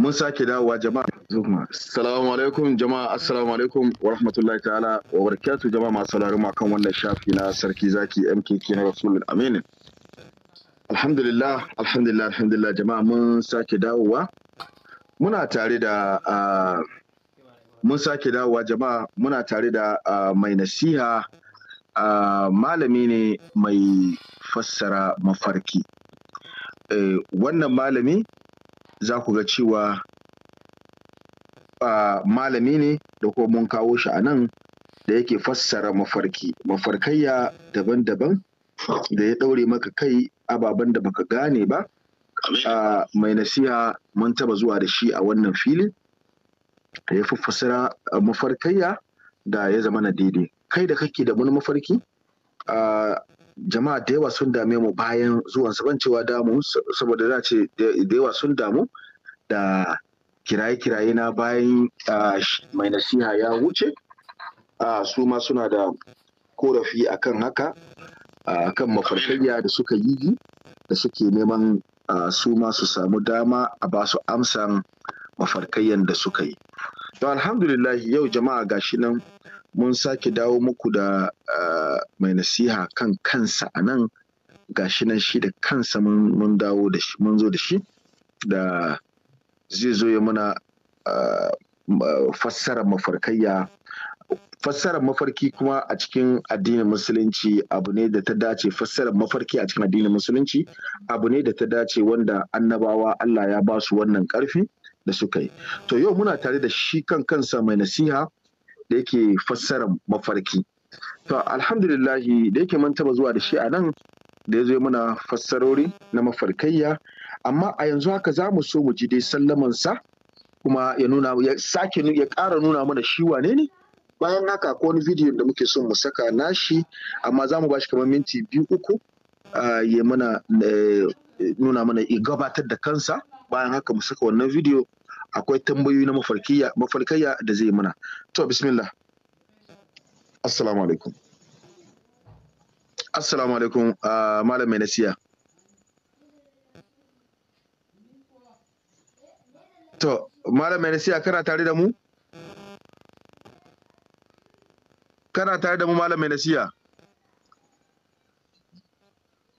mun sake dawowa jama'a Salamu alaikum jama'a assalamu alaikum wa rahmatullahi ta'ala wa barakatu jama'a masu sauraron kan wannan shafi na sarki zaki mkk na rasulul aminin alhamdulillah alhamdulillah alhamdulillah jama'a mun sake dawowa muna tare da mun sake dawowa jama'a muna tare da mai nasiha malami ne mai fassara mafarki eh, wannan malami za ku ga cewa a malami ne da kuma mun kawo shi a nan da yake fassara mafarki mafarkayya daban-daban da ya ɗaure maka kai ababen da baka gane ba a mai nasiha mun taba zuwa da shi a wannan filin da ya fassara mafarkayya da ya zama na daidai kai da kake da wani mafarki jama'a da yawa sun dame mu bayan zuwan ban cewa damu saboda za ce da yawa sun damu da kiraye-kiraye na bayan mai nasiha ya wuce su ma suna da korafi akan haka kan mafarkayya da suka yi da suke neman su ma su samu dama a ba su amsan mafarkayyan da suka yi. To alhamdulillah yau jama'a gashi nan mun sake dawo muku da ah, mai nasiha kan kansa a nan gashi nan shi da kansa mun dawo da shi mun zo da shi da zai zo ya muna ah, fassarar mafarkayya fassarar mafarki kuma a cikin addinin musulunci abu ne da ta dace fassarar mafarki a cikin addinin musulunci abu ne da ta dace wanda annabawa Allah ya ba su wannan karfi da suka yi to yau muna tare da shi kan kansa mai nasiha da yake fassara mafarki to alhamdulillahi da yake mun taba zuwa da shi a nan da ya zo mana fassarori na mafarkayya amma a yanzu haka za mu so mu ji dai sallamansa kuma ya nuna ya sake ya ƙara nuna mana shi wane ne bayan haka ko wani bidiyon da muke son mu saka nashi amma za mu ba shi kamar minti biyu uku ya mana eh, nuna mana gabatar da kansa bayan haka mu saka wannan bidiyo akwai tambayoyi na mafarkaiya da zai mana to bismillah assalamu alaikum assalamu alaikum ah, malam mai nasiya to malam mai nasiya kana tare da mu kana tare da mu malam mai nasiya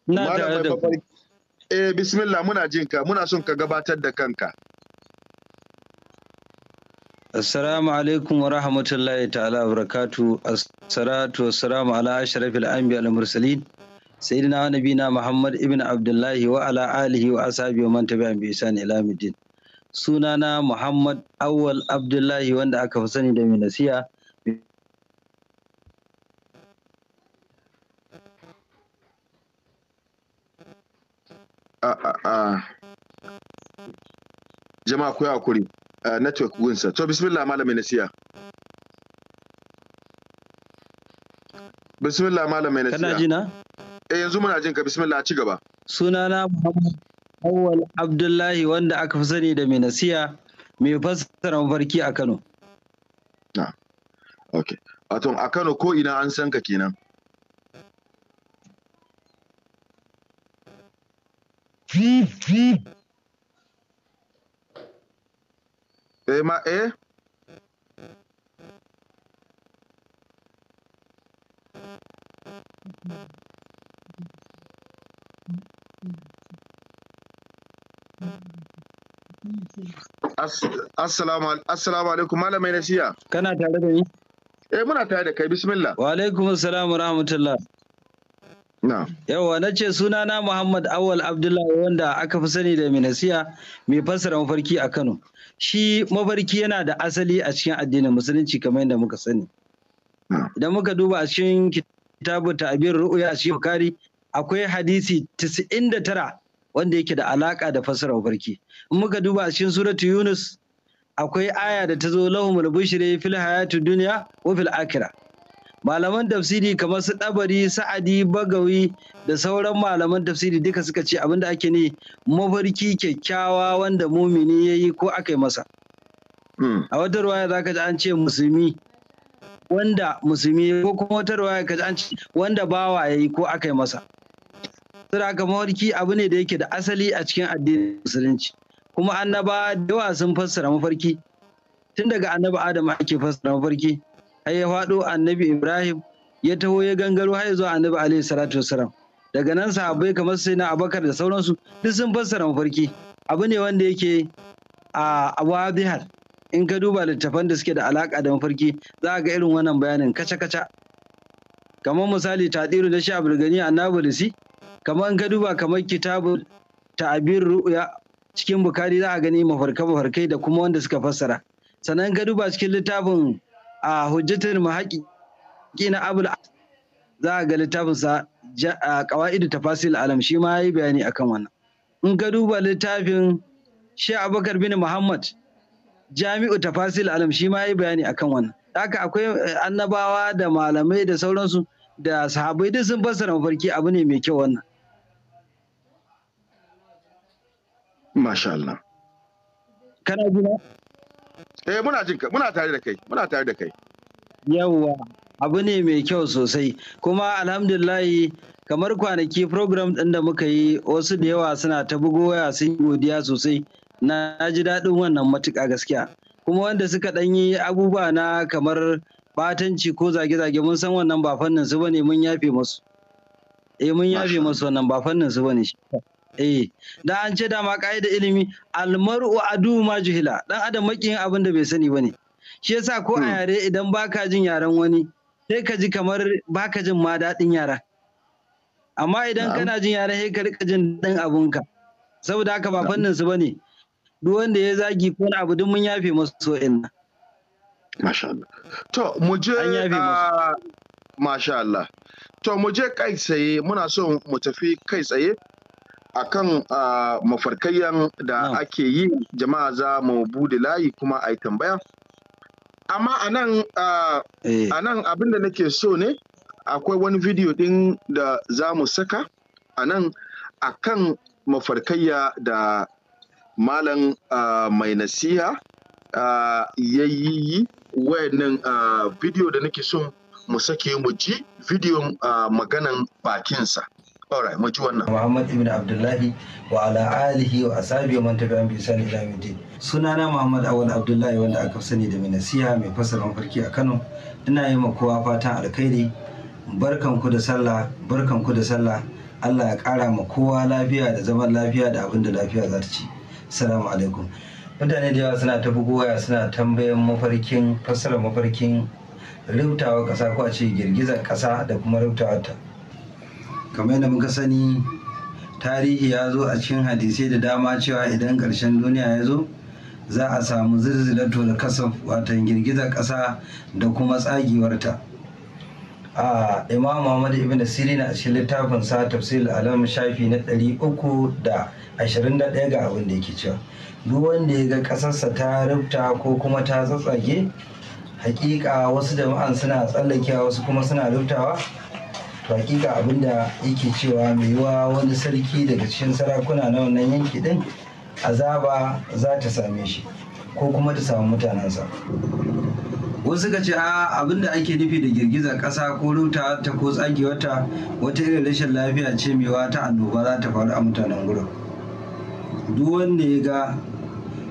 na tare da eh bismillah muna jinka muna son ka gabatar da kanka Assalamu alaikum wa rahmatullahi ta'ala wa barakatu. Assalatu wassalamu ala ashrafil anbiya al mursalin sayyidina wa nabina Muhammad ibn Abdullahi wa ala alihi wa ashabihi wa man tabi'ahum bi ihsan ila middin Sunana Muhammad Awwal Abdullahi wanda aka fi sani da mai nasiha ah, ah, ah. Jama'a ku kuri Eh, network gunsa to bismillah malamin nasiya bismillah Malam nasiya kana jina eh yanzu muna jin ka bismillah ci gaba sunana muhammad awwal abdullahi wanda aka fi sani da mai nasiya mai fassara mafarki a kano na okay wato a kano ko ina an san ka kenan Beep, beep. ايه ما إيه؟ السلام السلام عليكم ما لم ينسيا كنا تعرفني إيه منا تعرف كي بسم الله وعليكم السلام ورحمة الله sunna Yawwa na ce suna na muhammad awal abdullahi wanda aka fi sani da minasiya mai fassara mafarki a kano shi mafarki yana da asali a cikin addinin musulunci kamar yadda muka sani idan muka duba a cikin kitabu abin Ru'uya a cikin bukari akwai hadisi da tara wanda yake da alaka da fassara mafarki in muka duba a cikin suratu yunus akwai aya da ta zo lahumul bushri fil hayati duniya wa fil akhirah malaman tafsiri kamar su ɗabari sa'adi bagawi da sauran malaman tafsiri duka suka ce abinda ake ne mafarki kyakkyawa wanda mumini ya yi ko aka yi masa hmm. a wata ruwaya za ka ji an ce musulmi wanda musulmi ko kuma wata ruwaya ka ji an ce wanda bawa ya yi ko aka yi masa sura ka mafarki abu ne da yake da asali a cikin addinin musulunci kuma annaba da yawa sun fassara mafarki tun daga annabi adam ake fassara mafarki har ya faɗo annabi ibrahim ya taho ya gangaro har zuwa annabi alaihi salatu wasalam daga nan sahabbai kamar sai na abakar da sauransu duk sun fassara mafarki abu ne wanda yake a wabihar in ka duba littafan da suke da alaka da mafarki za ga irin wannan bayanin kaca-kaca kamar misali tadiru da shi abulgani annabulisi kamar in ka duba kamar kitabun ta'abir ru'ya cikin bukari za a gani mafarka mafarkai da kuma wanda suka fassara sannan ka duba cikin littafin a hujjatar muhaƙiƙi na abul za a ga littafinsa ƙawa'idu tafasil alam shi ma yayi yi bayani akan wannan in ka duba littafin shi abubakar bin muhammad jami'u tafasil alam shi ma yayi yi bayani akan wannan haka akwai eh, annabawa da malamai da sauransu da sahabai duk sun fassara mafarki abu ne mai kyau wannan masha Allah kana Eh muna jin muna tare da kai muna tare da kai. Yawwa abu ne mai kyau sosai kuma alhamdulillahi kamar kwanaki program ɗin da muka yi wasu da yawa suna ta bugo waya sun godiya sosai na ji daɗin wannan matuƙa gaskiya kuma wanda suka ɗan yi abubuwa na kamar batanci ko zage-zage mun san wannan ba fannin su bane mun yafe musu eh mun yafe musu wannan ba fannin su bane shi eh dan an ce dama ka'ida ilimi almar'u adu ma juhila dan adam makiyin abin da bai sani bane shi yasa ko a hmm. yare idan baka jin yaren wani sai ka ji kamar baka jin ma daɗin yara amma idan kana jin yaren sai ka rika jin dan abunka saboda haka ba fannin su bane duk wanda ya zagi ko wani abu duk mun yafe masu inna masha Allah to mu je ah, masha Allah to mu je kai tsaye muna so mu tafi kai tsaye akan mafarkayyan da ake yi jama'a za mu bude layi kuma a yi tambaya amma a nan eh. abin da nake so ne akwai wani bidiyo ɗin da za mu saka a nan a kan mafarkayya da malam mai nasiha ya yi wayannan bidiyo da nake so mu sake mu ji bidiyon maganan bakinsa alright mu wannan Muhammad ibn Abdullahi wa ala alihi wa ashabihi wa man tabi'an bi ihsan ila yawmiddin sunana Muhammad Awal Abdullahi wanda aka sani da minasiya mai fasara mafarki a Kano ina yi kowa fatan alkhairi barkan ku da sallah barkan ku da sallah Allah ya kara ma kowa lafiya da zaman lafiya da abin da lafiya za ta ci assalamu alaikum mutane da yawa suna ta bugowa suna tambayan mafarkin fasara mafarkin rubutawa ƙasa ko a ce girgizar ƙasa da kuma rubutawa ta kamar yadda muka sani tarihi ya zo a cikin hadisai da dama cewa idan ƙarshen duniya ya zo za a samu zirzilatul da kasaf wata girgizar ƙasa da kuma tsagewarta a imam muhammad ibn sirina na cikin littafin sa tafsir alam shafi na 321 ga abin da yake cewa duk wanda ya ga ƙasarsa ta rubta ko kuma ta tsatsage hakika wasu jama'an suna tsallakewa wasu kuma suna rubtawa hakika abinda yake cewa mai wa wani sarki daga cikin sarakuna na wannan yanki din azaba za ta same shi ko kuma ta samu mutanensa wasu ka ce a da ake nufi da girgiza ƙasa ko ruta ta ko tsagewarta wata irin rashin lafiya ce mewa ta annoba za ta faru a mutanen gurin duk wanda ya ga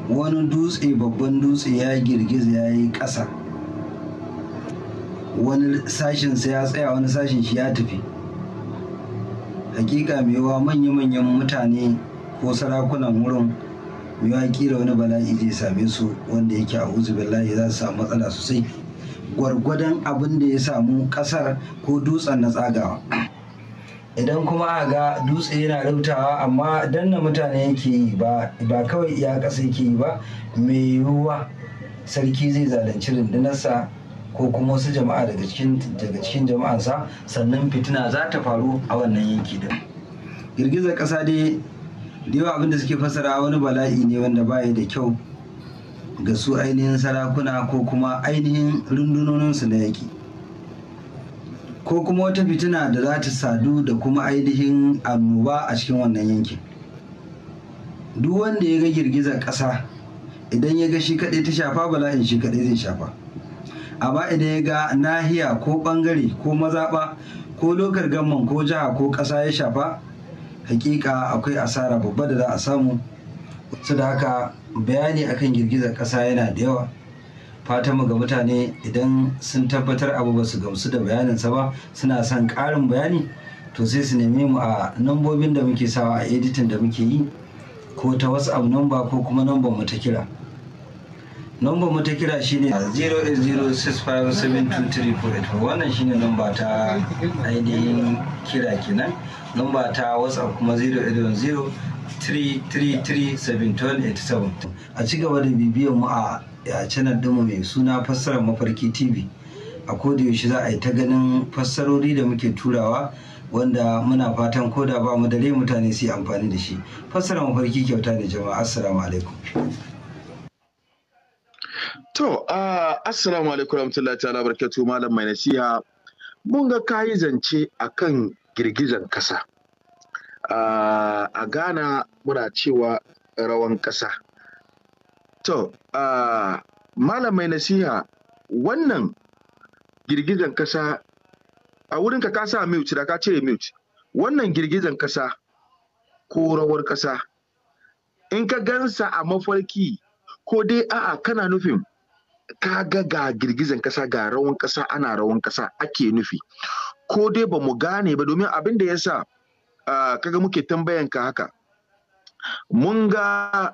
wani dutse babban dutse ya girgiza ya yi ƙasa wani sashin sai ya tsaya wani sashin shi ya tafi hakika mewa manya-manyan mutane ko sarakunan wurin mai mewa kira wani bala'i zai same su wanda yake a billahi za su samu matsala sosai gwargwadon abin da ya samu kasar ko dutsen na tsagawa idan kuma a ga dutse yana rautawa amma danna mutane yake yi ba kawai iya ƙasa yake yi ba mai yiwuwa sarki zai zalunci rundunarsa ko kuma wasu jama'a daga cikin daga cikin jama'ansa sannan fitina za ta faru a wannan yanki din girgizar ƙasa dai da yawa abinda suke fassara wani bala'i ne wanda baya da kyau ga su ainihin sarakuna ko kuma ainihin rundunoninsu na yaki ko kuma wata fitina da za ta sadu da kuma ainihin annoba a cikin wannan yankin duk wanda ya ga girgizar ƙasa idan ya ga shi kaɗai ta shafa bala'in shi kaɗai zai shafa amma idan ya ga nahiya ko bangare ko mazaɓa ko lokar gamman ko jiha ko ƙasa ya shafa hakika akwai asara babba da za a samu su da haka bayani akan girgizar ƙasa yana da yawa Fata mu ga mutane idan sun tabbatar abu ba su gamsu da bayaninsa ba suna son ƙarin bayani to sai su neme mu a nambobin da muke sawa a editin da muke yi ko ta wasu nan namba ko kuma nambar mu ta kira Nomba mu ta kira shine 0806572348 wannan shine nomba ta ainihin kira kenan. Nomba ta WhatsApp kuma 08033371287. A ci gaba da bibiyar mu a channel dinmu mai suna fassarar mafarki TV. A yaushe za a yi ta ganin fassarori da muke turawa wanda muna fatan koda ba mu da mutane su yi amfani da shi. Fassara mafarki kyauta ne jama'a. Assalamu alaikum. To, uh, assalamu alaikum warahmatullahi ta'ala barkatu malam mai nasiha. Mun ga kayi zance akan girgizan kasa. a Ghana muna cewa rawan kasa. To, malam mai nasiha wannan girgizan kasa a wurinka ka sa mute da ka ce mute. Wannan girgizan kasa ko rawar kasa in ka gansa a mafarki ko dai a'a kana nufin kaga ga girgizan kasa ga rawan kasa ana rawan kasa ake nufi ko dai ba mu gane ba domin abin da ya sa kaga muke tambayan ka haka mun ga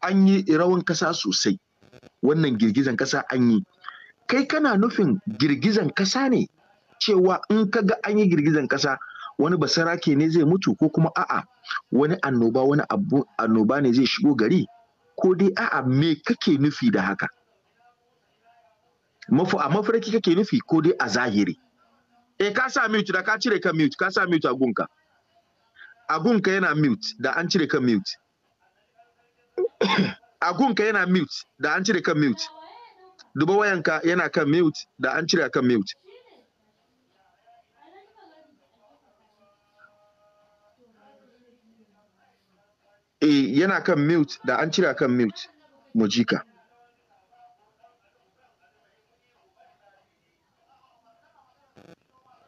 an yi rawan kasa sosai wannan girgizan kasa an yi kai kana nufin girgizan kasa ne cewa in kaga ga an yi girgizan kasa wani basarake ne zai mutu ko kuma a'a wani annoba wani annoba ne zai shigo gari ko dai a'a me kake nufi da haka a mafarki kake nufi ko dai a zahiri eh ka sa mute da ka cire kan mute ka sa mute a gunka a gunka yana mute da an cire kan mute a gunka yana mute da an cire kan mute duba wayanka yana kan mute da an cire kan mute E yana kan mute da an cire kan mute mujika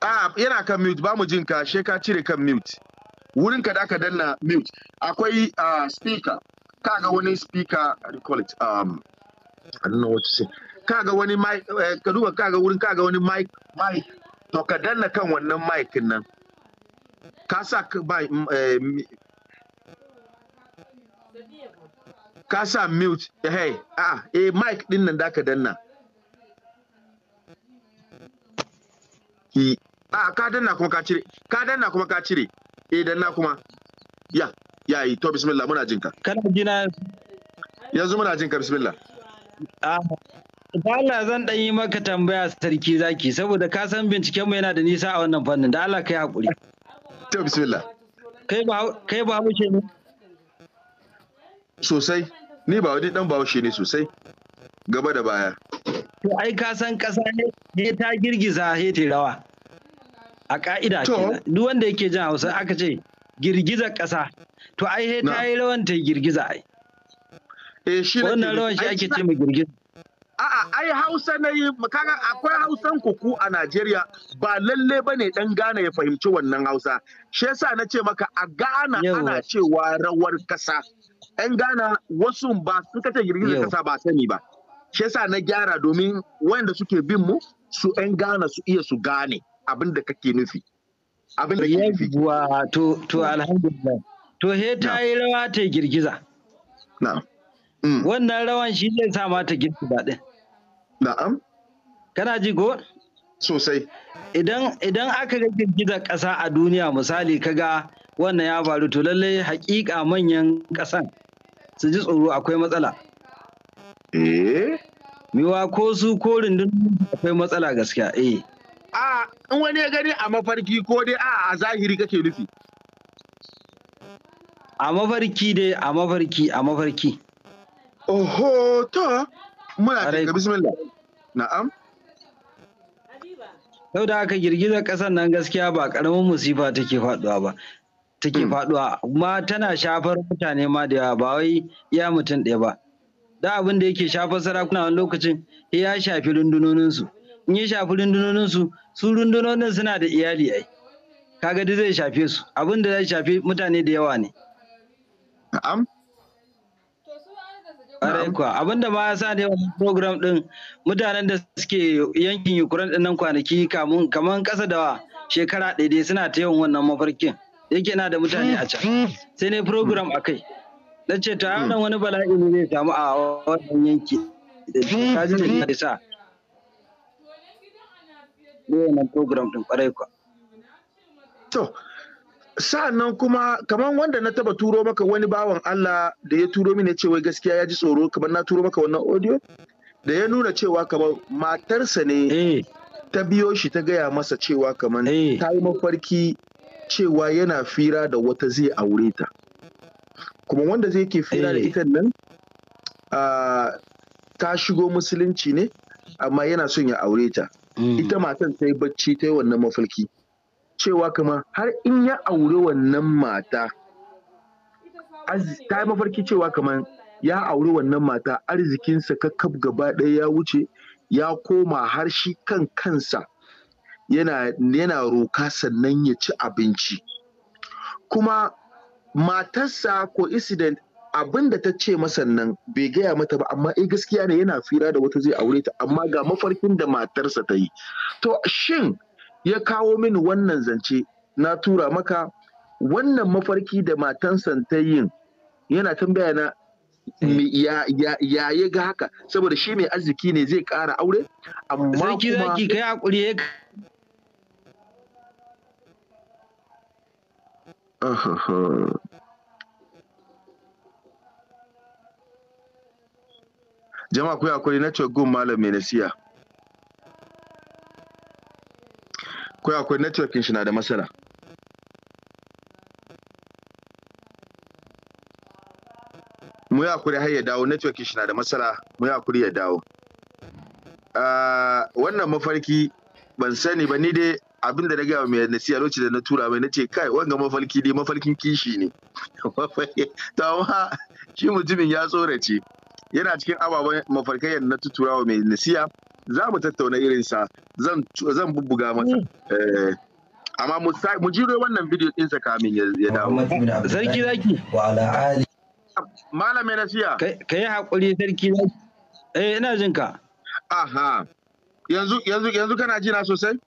a yana kan mute ba mu jin ka she ka cire kan mute wurin ka da aka danna mute akwai uh, speaker ka ga wani speaker I call it um I don't know what to say ka ga wani mic eh, ka duba ka ga wurin ka ga wani mic mic to ka danna kan wannan mic nan ka sa ba mm, eh, ka sa mute eh, hey ah eh mic din nan da aka danna a ka danna kuma ka cire ka danna kuma ka cire eh danna kuma ya ya yi to bismillah muna jinka kana jina yanzu muna jinka bismillah ah Allah zan dan yi maka tambaya sarki zaki saboda ka san binciken mu yana da nisa a wannan fannin da Allah kai hakuri to bismillah kai ba kai ba mushe ne sosai ni ba wani dan shi ne sosai gaba da baya to ai ka san kasa ne ta girgiza he rawa a ka'ida duk wanda yake jin hausa aka ce girgizar ƙasa to ai ta yi rawan ta girgiza ai eh, wannan rawan shi ake ce ma girgiza A'a, ai Hausa na yi, kaga akwai Hausan kuku a Najeriya ba lalle ba ne ɗan Ghana ya fahimci wannan Hausa. Shi yasa na ce maka a Ghana ana cewa rawar ƙasa. ‘Yan Ghana wasu ba sun kace girgizar ƙasa ba sani ba. Shi yasa na gyara domin wanda suke bin mu su ‘yan Ghana su iya su gane. abin da kake nufi abin da kake nufi to to alhamdulillah to he ta yi rawa ta girgiza na'am mm. wannan rawan shi zai sa mata girgiza din na'am kana ji go sosai idan idan aka ga girgiza ƙasa a duniya misali kaga wannan ya faru to lallai haƙiƙa manyan ƙasan su ji tsoro akwai matsala eh miwa ko su ko rundunar akwai matsala gaskiya eh a in wani ya gani a mafarki ko dai a a zahiri kake nufi a mafarki dai a mafarki a mafarki oho to muna daga bismillah na'am sau da aka girgizar ƙasar nan gaskiya ba ƙaramin musifa take faduwa ba take hmm. faɗuwa kuma tana shafar mutane ma da yawa ba wai iya mutum ɗaya ba da abin da yake shafar sarakuna wani lokacin ya shafi rundunoninsu in ya shafi rundunonin su su rundunonin suna da iyali ai kaga duk zai shafe su abin da zai shafe mutane da yawa ne na'am are kuwa abin da ma ya sa ne wannan program din mutanen da suke yankin ukraine din nan kwanaki kamun kaman kasa da shekara ɗaya dai suna ta yawan wannan mafarkin yake na da mutane a can sai ne program a kai ta ce wani bala'i ne zai samu a wannan yanki da kaji ne sa wannan program ɗin ƙwarai kuwa. To, nan kuma kamar wanda na taba turo maka wani bawan Allah da ya turo mini cewa gaskiya ya ji tsoro kamar na turo maka wannan audio da ya nuna cewa kamar matarsa ne eh. ta biyo shi ta gaya masa cewa kamar eh. ta yi mafarki cewa yana fira da wata zai aure ta. Kuma wanda zai ke fira da eh. ita nan ah, ta shigo musulunci ne amma yana son ya aure ta. Mm. ita matan ta yi bacci ta yi wannan mafarki cewa kama har in ya aure wannan mata ta yi mafarki cewa kamar ya auri wannan mata arzikinsa kakkaf gaba ɗaya ya wuce ya koma har shi kan kansa yana, roka sannan ya ci abinci kuma matarsa ko incident abin da ta ce masa nan bai gaya mata ba amma eh gaskiya ne yana fira da wata zai aure ta amma ga mafarkin da matarsa ta yi to shin ya kawo mini wannan zance na tura maka wannan mafarki da matansa ta yin yana tambaya na mm. ya ya ga haka saboda shi mai arziki ne zai ƙara aure amma kuma kai hakuri jama'a ku akwai network gun malam mai nasiya ku akwai network shi na da masana mu ya kuri har ya dawo network shi na da matsala mu ya kuri ya dawo ah, wannan mafarki ban sani ba ni dai abin da na gaya mai nasiya lokacin da na tura mai nace kai wanga mafarki dai mafarkin kishi ne to amma shi mutumin ya tsorace yana cikin ababen mafarkai na tuturawa mai nasiya za mu tattauna irinsa zan bubbuga masa mm. eh, amma mu jiro wannan bidiyo ɗinsa kamin ya dawo sarki zaki malamai nasiya ka yi haƙuri sarki zaki eh ina jinka aha yanzu yanzu kana jina sosai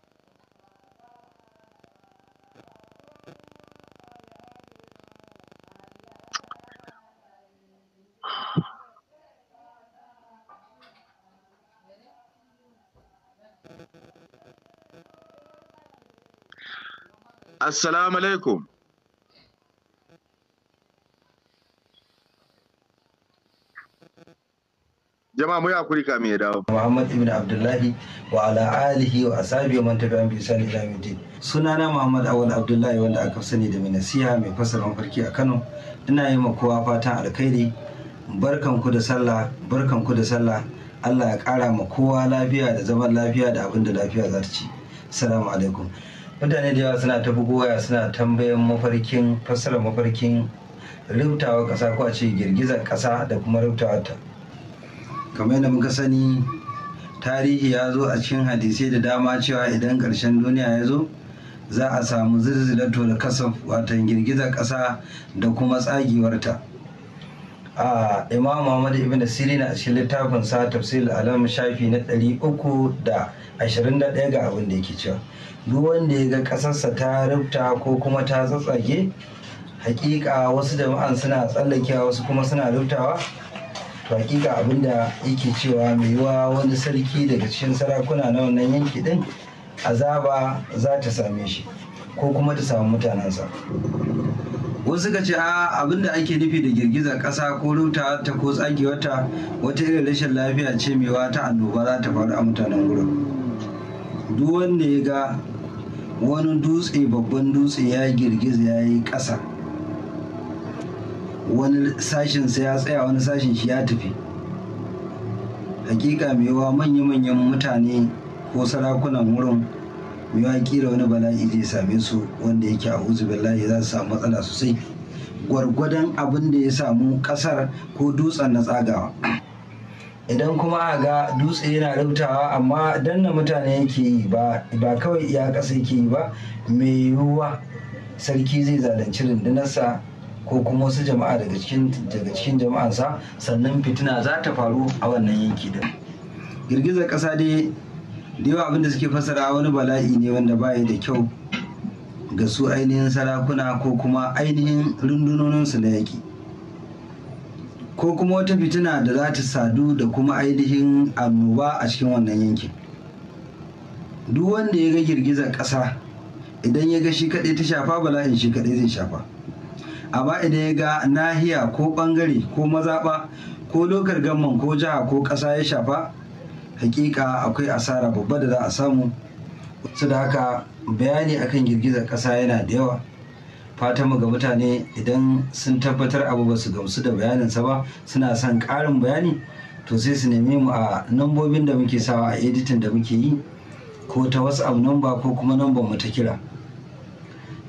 Assalamu alaikum. jama'a mu yi hakuri kamin ya dawo. Muhammad ibn Abdullahi wa ala alihi wa ashabi wa man tabi'an bi ihsan ila yawmiddin. Sunana Muhammad Awal Abdullahi wanda aka sani da Minasiha mai fasara farki a Kano. Ina yi ma kowa fatan alkhairi. Barkan ku da sallah, barkan ku da sallah. Allah ya kara ma kowa lafiya da zaman lafiya da abin da lafiya za ta ci. Assalamu alaikum. mutane da yawa suna ta bugowa suna tambayan mafarkin fassara mafarkin rubtawa kasa ko a ce girgizar ƙasa da kuma rubtawa ta kamar yadda muka sani tarihi ya zo a cikin hadisai da dama cewa idan karshen duniya ya zo za a samu to da kasa watan girgizar ƙasa da kuma tsagewarta a imam muhammad ibn sirin a cikin littafin sa tafsir alam shafi na 321 ga abin da yake cewa duk wanda ya ga ƙasarsa ta rubta ko kuma ta tsatsage hakika wasu jama'an suna tsallakewa wasu kuma suna rubtawa to hakika abinda yake cewa mai yiwa wani sarki daga cikin sarakuna na wannan yanki din azaba za ta same shi ko kuma ta samu mutanensa wasu suka ce a abinda ake nufi da girgizar ƙasa ko rubuta ta ko tsagewarta wata irin rashin lafiya ce mewa ta annoba za ta faru a mutanen wurin duk wanda ya ga wani dutse babban dutse ya girgiza ya yi ƙasa wani sashen sai ya tsaya wani sashen shi ya tafi hakika mewa manya-manyan mutane ko sarakunan wurin mewa kira wani bala'i zai same su wanda yake a bala'i za su samu matsala sosai gwargwadon abin da ya samu ƙasar ko dutsen na tsagawa idan kuma a ga dutse yana rubtawa amma danna mutane yake yi ba kawai iya kasa yake yi ba mai yiwuwa sarki zai zalunci rundunarsa ko kuma wasu jama'a daga cikin jama'arsa sannan fitina za ta faru a wannan yanki din girgizar ƙasa dai da yawa abinda suke fassara wani bala'i ne wanda ba da kyau ga su ainihin sarakuna ko kuma ainihin rundunoninsu na yaki. ko kuma wata fitina da za ta sadu da kuma ainihin annoba a cikin wannan yankin duk wanda ya ga girgizar ƙasa idan ya ga shi kaɗai ta shafa bala'in shi kaɗai zai shafa amma idan ya ga nahiya ko ɓangare ko mazaɓa ko lokar gamman ko jiha ko ƙasa ya shafa hakika akwai asara babba da za a samu su da haka bayani akan girgizar ƙasa yana da yawa Fata ga mutane idan sun tabbatar abu ba su gamsu da bayaninsa ba suna son ƙarin bayani to sai su neme mu a nambobin da muke sawa a editin da muke yi ko ta whatsapp namba ko kuma nambar mu ta kira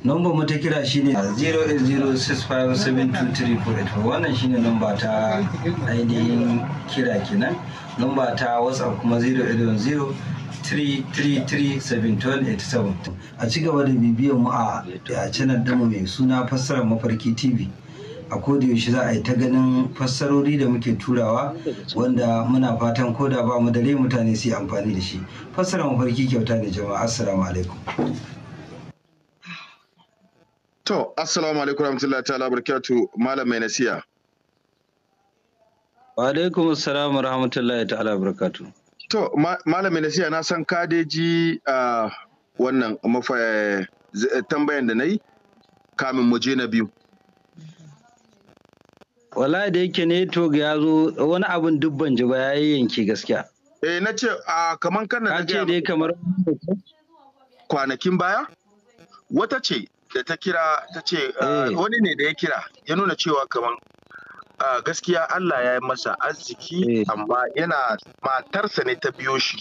nambar mu ta kira shine 08065723484 wannan shine namba ta ainihin kira kenan namba ta whatsapp kuma 080 3337287 a cigaba da bibiyar mu a canar damu mai suna fassarar mafarki tv a yaushe za a yi ta ganin fassarori da muke turawa wanda muna fatan koda ba mu da mutane su yi amfani da shi fassarar mafarki kyauta ne jama'a assalamu alaikum to assalamu alaikum rahmatullahi ta'ala barakatu malam mai nasiya wa alaikum assalam rahmatullahi ta'ala barakatu To, Malam siya na san kadeji a wannan tambayan da na yi kamin mu je na biyu. Wala da yake ne to ya zo wani abin dubban ji ba ya yi yanki gaskiya. Eh na ce a kaman kan na ce dai kamar kwanakin baya wata ce da ta kira ta ce eh. wani ne da ya kira ya nuna cewa kamar. gaskiya Allah ya yi masa arziki eh. amma yana matarsa ne ta biyo shi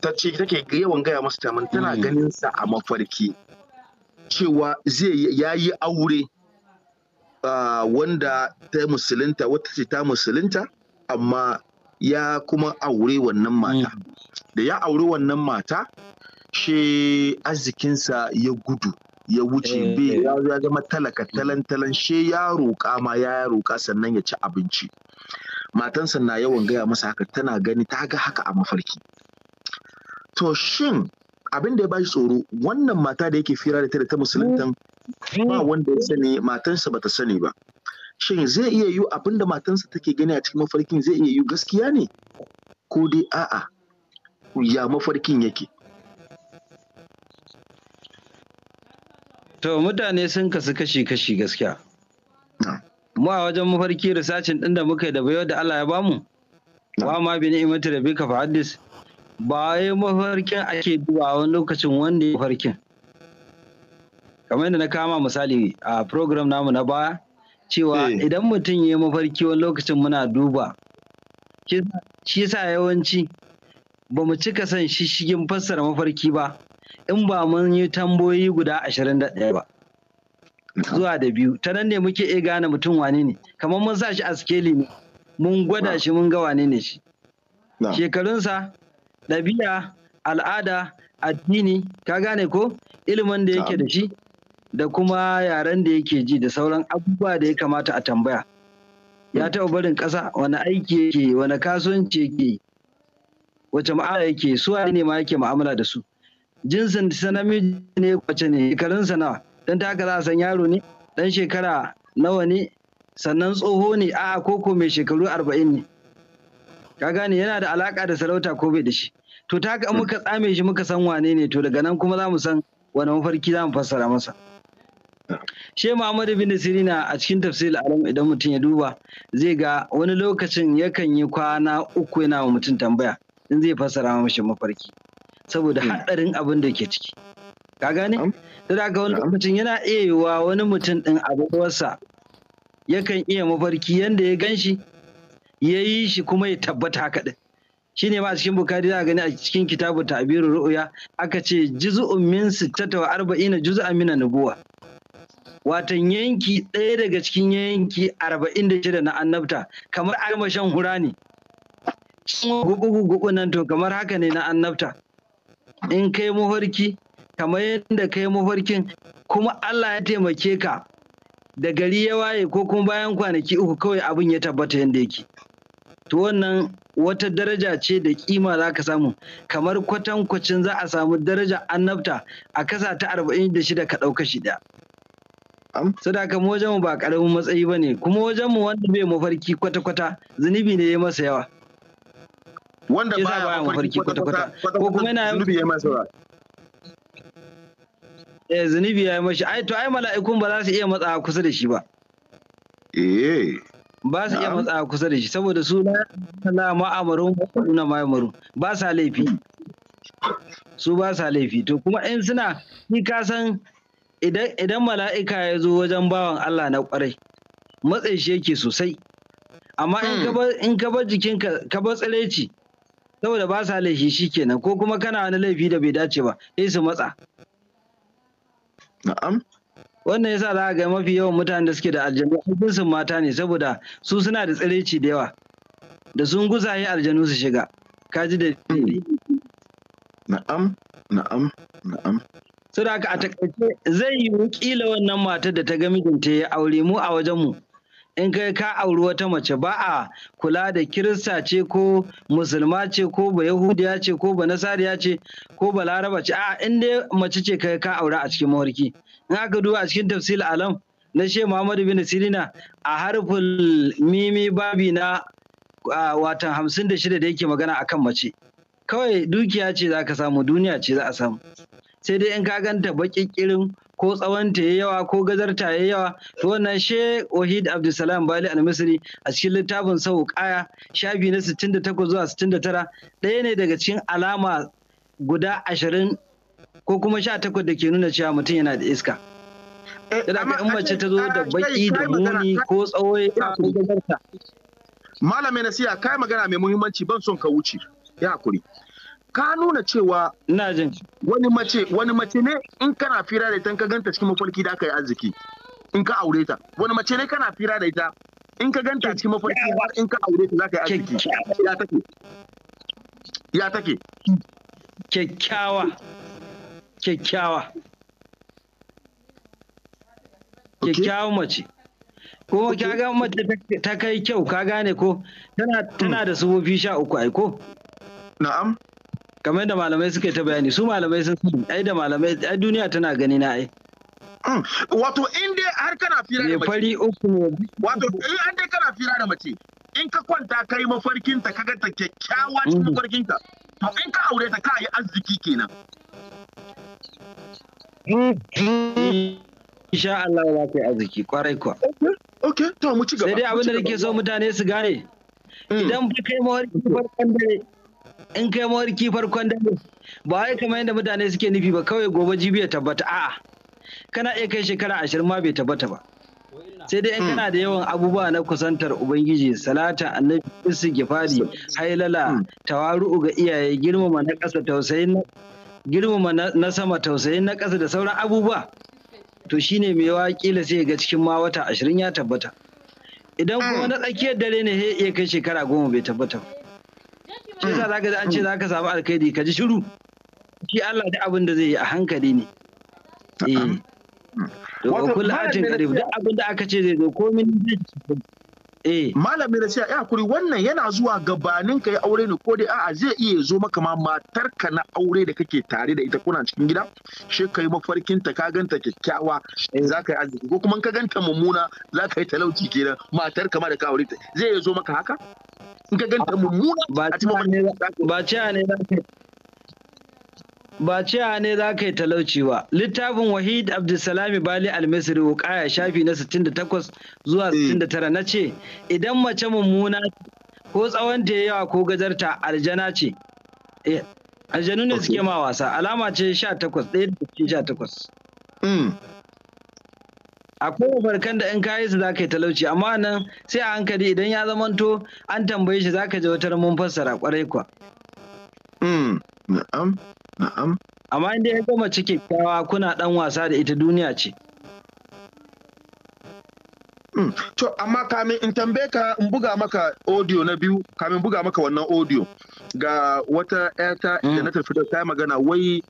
ta ce take yawan gaya masa tamin tana mm. ganin sa a mafarki cewa zai ya yi aure wanda ta musulunta wata ce ta musulunta amma ya kuma aure wannan mata mm. da ya aure wannan mata shi arzikinsa ya gudu ya wuce eh, bai eh. ya zama talaka talantalan she ya roƙa ma ya roƙa sannan ya ci abinci matansa na yawan gaya masa haka tana gani ta ga haka a mafarki to shin abin da ya bashi tsoro wannan mata da yake fira da ta da ta musuluntan mm. ba wanda ya sani matansa bata sani ba shin zai iya yiwu abin da matansa take gani a cikin mafarkin zai iya yiwu gaskiya ne ko dai a'a ya mafarkin yake To mutane sun kasu kashi-kashi gaskiya. Mu a wajen mafarki risacin ɗin da muka yi da bayo da Allah ya bamu. Wa ma bi da bika fa hadis. Ba wai mafarkin ake duba wani lokacin wanda ya mafarkin. Kamar yadda na kama misali a program namu na baya cewa eh. idan mutum ya yi mafarki wani lokacin muna duba. Shi sa yawanci ba mu cika son shigin fassara mafarki ba. in ba mun yi tamboyi guda ashirin da ba zuwa da biyu ta nan ne muke iya gane mutum wane ne kamar mun sa shi a skeli ne mun gwada shi mun ga wane ne shi shekarunsa ɗabi'a al'ada addini ka gane ko ilimin da yake da shi da kuma yaren da yake ji da sauran abubuwa da ya kamata a tambaya ya hmm. taɓa barin ƙasa wani aiki yake wani kasuwanci yake wace ma'ana yake su ne ma yake ma'amala da su jinsin sa namiji ne kwace ne shekarunsa nawa? dan ta za san yaro ne dan shekara nawa ne sannan tsoho ne a koko mai shekaru arba'in ne ka gane yana da alaka da sarauta ko bai da shi to ta ka hmm. muka tsame shi muka san wane ne to daga nan kuma za mu san wani mafarki za mu fassara masa she Muhammadu bin Sirina a cikin tafsir alam idan mutum ya duba zai ga wani lokacin yakan yi kwana uku yana wa mutum tambaya in zai fassara mashi mafarki saboda hmm. haɗarin abin da ke ciki ka gane da wani lokacin yana iya yiwuwa wani mutum ɗin abubuwarsa yakan iya mafarki yanda ya gan shi ya yi shi kuma ya tabbata haka ɗin shi ne ma a cikin bukari za a gani a cikin kitabu ta abiru ru'uya aka ce juzu'un min sittata wa arba'ina juzu'an mina nubuwa watan yanki ɗaya daga cikin yanki arba'in da shida na annabta kamar armashan hura ne gugu gugu nan to kamar haka ne na annabta in kai mafarki kamar yadda kai mafarkin kuma Allah ya taimake ka da gari ya waye ko kuma bayan kwanaki uku kawai abin ya tabbata yadda yake to wannan wata daraja ce da kima za ka samu kamar kwatankwacin za a samu daraja annabta a kasa ta arba'in da shida ka ɗauka shi ɗaya sada wajenmu ba ƙaramin matsayi ba ne kuma wajenmu wanda bai mafarki kwata-kwata zunubi ne ya masa yawa wanda ba ya mafarki kwata-kwata ko kuma yana zunubi ya masa ba eh zunubi ya mashi ai to ai mala'ikun ba za su iya matsawa kusa da shi ba eh ba su iya matsawa kusa da shi saboda su la ma'amarun na ma'amarun ba sa laifi su ba sa laifi to kuma in suna ni ka san idan mala'ika ya zo wajen bawan Allah na kwarai matsayin shi yake sosai amma in ka hmm. bar jikinka ka bar tsireci saboda ba sa laifi kenan ko kuma kana wani laifi da bai dace ba sai su matsa na'am wannan yasa za ga mafi yawan mutanen da suke da aljanu sun mata ne saboda su suna da tsiraici da yawa da sun guzaye aljanu su shiga Ka ji da na'am na'am na'am saboda haka a takaice zai yi kila wannan matar da ta ga mijinta ya aure mu a wajen mu in kai ka auri wata mace ba a kula da kirista ce ko musulma ce ko ba yahudiya ce ko ba nasariya ce ko ba laraba ce a in dai mace ce kai ka auri a cikin mawarki in aka duba a cikin tafsil alam na she muhammadu bin sirina a harfin mimi babi na watan hamsin da shida da yake magana akan mace kawai dukiya ce za ka samu duniya ce za a samu sai dai in ka ganta baƙi kirin ko tsawon ta yawa ko gazar ta yawa to wannan she Wahid Abdulsalam Bali Al-Misri a cikin littafin sau kaya shafi na 68 zuwa 69 ɗaya ne daga cikin alama guda 20 ko kuma 18 da ke nuna cewa mutum yana da iska. Yana eh, ka in mace ta zo da baki da muni ko tsawo ya ko ta Malamin nasiha kai magana mai muhimmanci ban son ka wuce. Ya hakuri. ka nuna cewa jin wani mace wani mace ne in kana fira da ita ka ganta cikin mafarki da aka yi arziki in ka aure ta wani mace ne kana fira da ita in ka ganta cikin mafarki har in ka aure ta za ka yi arziki ya take ya take kyakkyawa kyakkyawa kyakkyawa mace ko ka ga mace ta kai kyau ka gane ko tana da sufofi sha uku ai ko na'am kamar da malamai suke ta bayani su malamai sun sani ai da malamai ai duniya tana gani na ai hmm, wato in dai har kana fira da mace fari uku wato in an dai kana fira da mace in ka kwanta kai mafarkin ta kaga ta kyakkyawa cikin hmm. mafarkin ta to in ka aure ta ka yi arziki kenan insha Allah za ka yi arziki kwarai kuwa. Ok, to mu ci gaba sai dai abin da nake so mutane su gane hmm. idan ba kai mawarki farkon dare in kai mawarki farkon dare ba wai kamar yadda mutane suke nufi ba kawai gobe jibi ya tabbata a'a kana iya kai shekara ashirin ma bai tabbata ba sai dai in hmm. kana da yawan abubuwa na kusantar ubangiji salata annabi isu gifari hailala hmm. tawaru'u ga iyaye girmama na ƙasa tausayin girmama na sama tausayin na ƙasa da sauran abubuwa to shine mai yawa kila sai ga cikin ma wata ashirin ya tabbata idan kuma hmm. na tsakiyar dare ne sai iya kai shekara goma bai tabbata ba shi yasa zaka ji an ce zaka samu alkhairi ka ji shiru shi Allah da abin da zai yi a hankali ne eh to kullu atin karibu duk abin da aka ce zai zo komai zai Eh. Malami da sai ya hakuri wannan yana zuwa gabanin ka aure ne ko dai a'a zai iya zo maka ma ka na aure da kake tare da ita kuna cikin gida shi kai mafarkin ta ka ganta kyakkyawa eh, za ka yi arziki ko kuma ka ganta mummuna za ka yi talauci kenan ka ma da ka aure ta zai iya zo maka haka? in ka ganta mummuna a ba ciya ne za ka ba cewa ne za ka yi talauci ba littafin wahid abdulsalami bali al-misri wukaya shafi na 68 zuwa 69 hmm. na ce idan mace mummuna ko tsawon ta yawa ko gajarta aljana ce eh, aljanu ne suke ma wasa alama ce 18 ɗaya da 18 akwai mafarkan da in kayi su zaka yi talauci amma nan sai a hankali idan ya zamanto an tambaye shi zaka ji wata mun fassara kwarai kwa hmm, na'am na'am amma inda ya gama ciki kyawa kuna dan wasa da ita duniya ce hmm, to amma kamin in tambaye ka in buga maka audio na biyu kamin buga maka wannan audio ga wata 'yata da hmm. na tafi da ta magana wai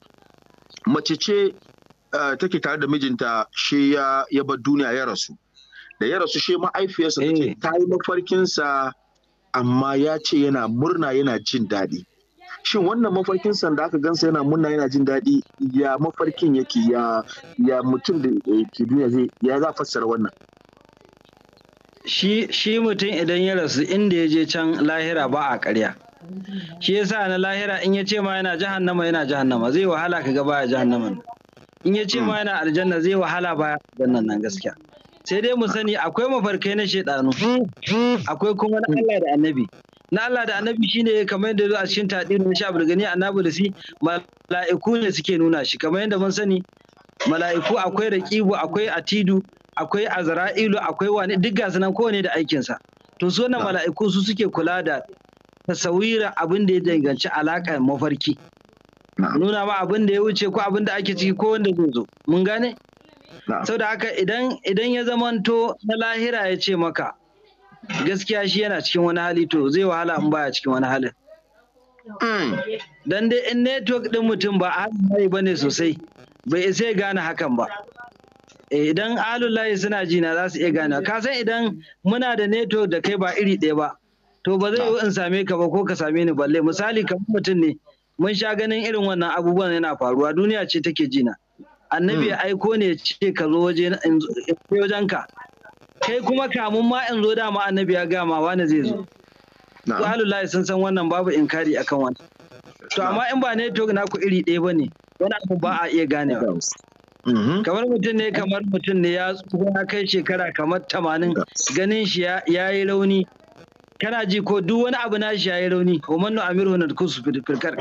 mace ce take tare da mijinta shi ya bar duniya ya rasu da ya rasu shi ma'aifiyarsa ta ce eh. ta yi mafarkinsa amma ya ce yana murna yana jin daɗi shin wannan mafarkinsa da aka gansa yana murna yana jin daɗi ya mafarkin yake ya ya mutum da eh, ke duniya zai ya za fassara wannan shi shi mutum idan ya rasu inda ya je can lahira ba a ƙarya shi yasa na lahira in ya ce ma yana jahannama yana jahannama zai wahala ka gaba ya jahannaman in ya ce ma mm. yana aljanna zai wahala baya aljannan nan gaskiya sai dai mu sani akwai mafarkai na shaidanu akwai kuma na Allah da annabi na Allah da annabi shine kamar yadda zuwa a cikin tadin na sha burgani annabi da si mala'iku ne suke nuna shi kamar yadda mun sani mala'iku akwai raqibu akwai atidu akwai azra'ilu akwai wani duk ga sunan kowane da aikin sa to su wannan mala'iku su suke kula da tasawira abin da ya danganci alaƙa mafarki nuna ma abin da ya wuce ko abin da ake ciki ko wanda zai zo mun gane sau da haka idan ya zamanto na lahira ya ce maka gaskiya shi yana cikin wani hali to zai wahala in baya cikin wani halin mm. dan dai in network din mutum ba a halin layi bane sosai bai isa ya gane hakan ba eh, idan alullahi layi suna jina za su iya gane ka san idan muna da network da kai ba iri ɗaya ba to ba zai yi in same ka ba ko ka same ni balle misali kamar mutum ne mun sha ganin irin wannan abubuwan yana faruwa duniya ce take jina annabi hmm. ya aiko ne ce ka zo wajen ka kai kuma kamun ma in zo dama annabi ya gama wani zai zo ahalullahi sun san wannan babu inkari akan wani to amma in ba network ku iri ɗaya ba ne wani abu ba a iya gane mm-hmm. kamar mutum ne kamar mutum ne ya tsufa kai shekara kamar tamanin ganin shi ya yi rauni kana ji ko duk wani abu na shi yayi rauni wa amir amiru na kusu firkar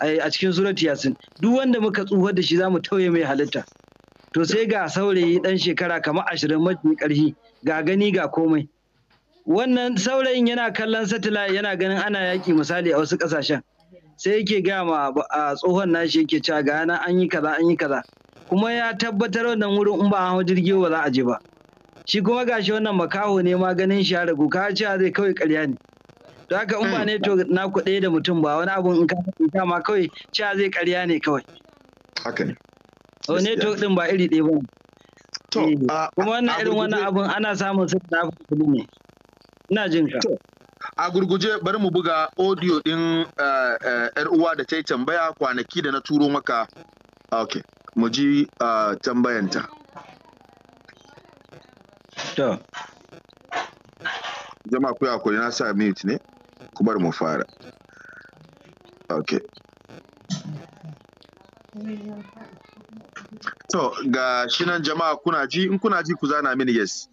a cikin surati yasin duk wanda muka tsufa da shi zamu tauye mai halitta to sai ga saurayi dan shekara kamar ashirin mafi karfi ga gani ga komai wannan saurayin yana kallon satellite yana ganin ana yaki misali a wasu kasashen sai yake gaya ma a tsohon nashi yake cewa ga an yi kaza an yi kaza kuma ya tabbatar wannan wurin in ba hawa jirgi ba za a je ba shi kuma gashi wannan makaho ne ma ganin shi ragu ka cewa zai kawai karya ne to haka in ba hmm. ne to na ku da mutum ba wani abun in ka fahimta ma kawai ce zai karya ne kawai haka ne ne to din ba iri ɗaya ba to eh, kuma wannan irin wannan abun ana samun su da ne ina jin ka a gurguje bari mu buga audio din yar eh, eh, uwa da ta yi tambaya kwanaki da na turo maka okay mu ji tambayanta To. Jama'a ku hakuri na sa mute ne, ku bar mu fara. Okay. To ga shi nan jama'a kuna ji in kuna ji ku zana mini yes.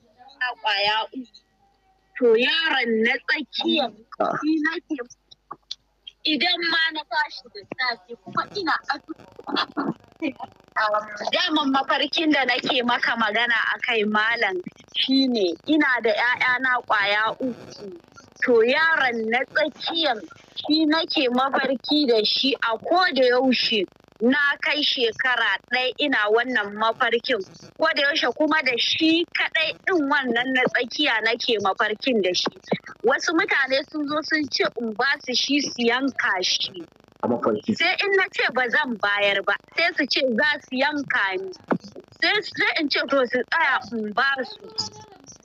To yaron na tsakiyar ah. shi na ke idan ma na tashi da safe kuma ina daman mafarkin da nake maka magana a kai malam shine ina da 'ya'yana kwaya uku to yaron na tsakiyan shi nake mafarki da shi a ko da yaushe na kai shekara ɗaya ina wannan mafarkin ko da yaushe kuma da shi kaɗai ɗin wannan na tsakiya nake mafarkin da shi wasu mutane sun zo sun ce in ba su shi su yanka shi. sai in na ce ba zan bayar ba sai su ce za su yanka ni sai in ce to su tsaya in ba su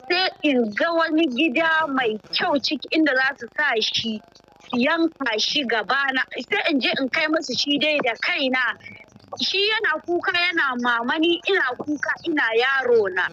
sai in ga wani gida mai kyau ciki inda za su sa shi yanka shi gabana sai in je in kai musu shi dai da kaina shi yana kuka yana mamani ina kuka ina yaro na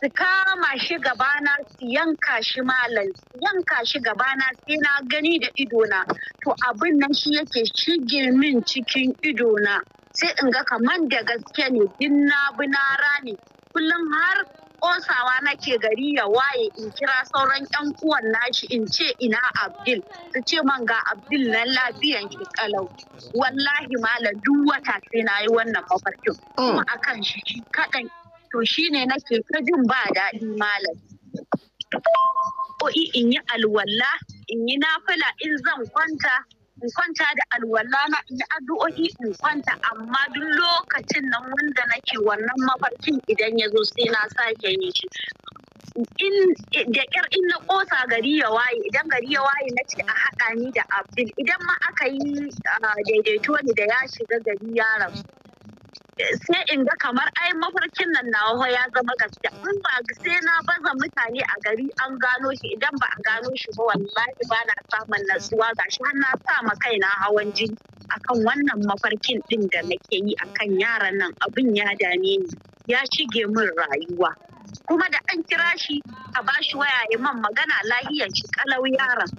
su kama shi gabana su yanka shi malam su yanka shi gabana sai na gani da idona to abin nan shi yake shige min cikin idona sai in ga kaman da gaske ne din na bi na rani kullum har kosawa nake gari ya waye in kira sauran yan uwan nashi in ce ina abdul su ce man ga abdul nan lafiyan ki kalau wallahi malam duk wata sai na yi wannan mafarkin kuma akan shi kaɗan to shine nake ta jin ba daɗi malam in yi alwala in yi nafila in zan kwanta in kwanta da alwala na in yi addu'o'i in kwanta amma duk lokacin nan wanda nake wannan mafarkin idan ya zo sai na sake yi shi in da kyar in na ƙosa gari ya waye idan gari ya waye na ce a haɗa ni da abdul idan ma aka yi ah, daidaito ne da ya shiga gari ya rasu sai in ga kamar ai mafarkin nan nawa ya zama gaske in ba sai na baza mutane a gari an gano shi idan ba a gano shi ba wallahi ba na samun natsuwa gashi har na sa ma na hawan jini akan wannan mafarkin din da nake yi akan yaran nan abin ya dame ni ya shige min rayuwa kuma da an kira shi a ba shi waya iman magana lahiyan shi kalau yaron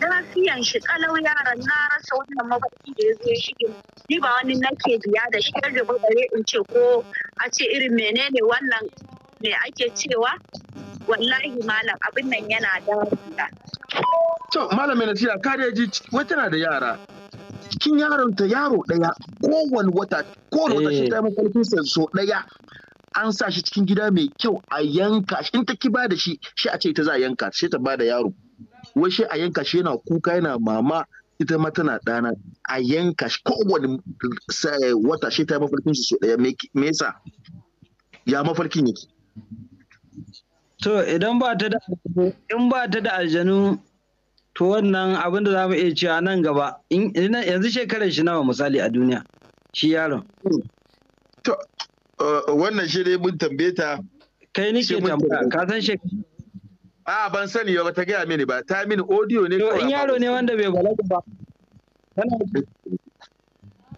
lafiyan shi kalau yaron na rasa wannan mafarki da ya zo ya shige ni ba wani nake biya da shi da bukare in ce ko a ce irin menene wannan me ake cewa wallahi malam abin nan yana da to malam na ka da ji wata tana da yara cikin yaron ta yaro daya kowane wata kowane wata shi eh. ta mafarkin sa so daya an sa shi cikin gida mai kyau a yanka shi in ta ki bada shi shi a ce ta za a yanka shi ta bada yaro wai shi a yanka shi yana kuka yana mama ita ma tana ɗana a yanka shi kowane wata shi ta mafarkin shi so daya me yasa ya mafarkin yake To idan ba ta da in ba ta da aljanu to wannan abin da za mu iya cewa nan gaba yanzu shekarar shi nawa misali a duniya shi yaron to uh, wannan shi dai mun tambaye ta kai ni ke tambaya ka san shekarar a ban sani ba ta gaya mini ba ta mini audio ne to in yaro ne wanda bai balaga ba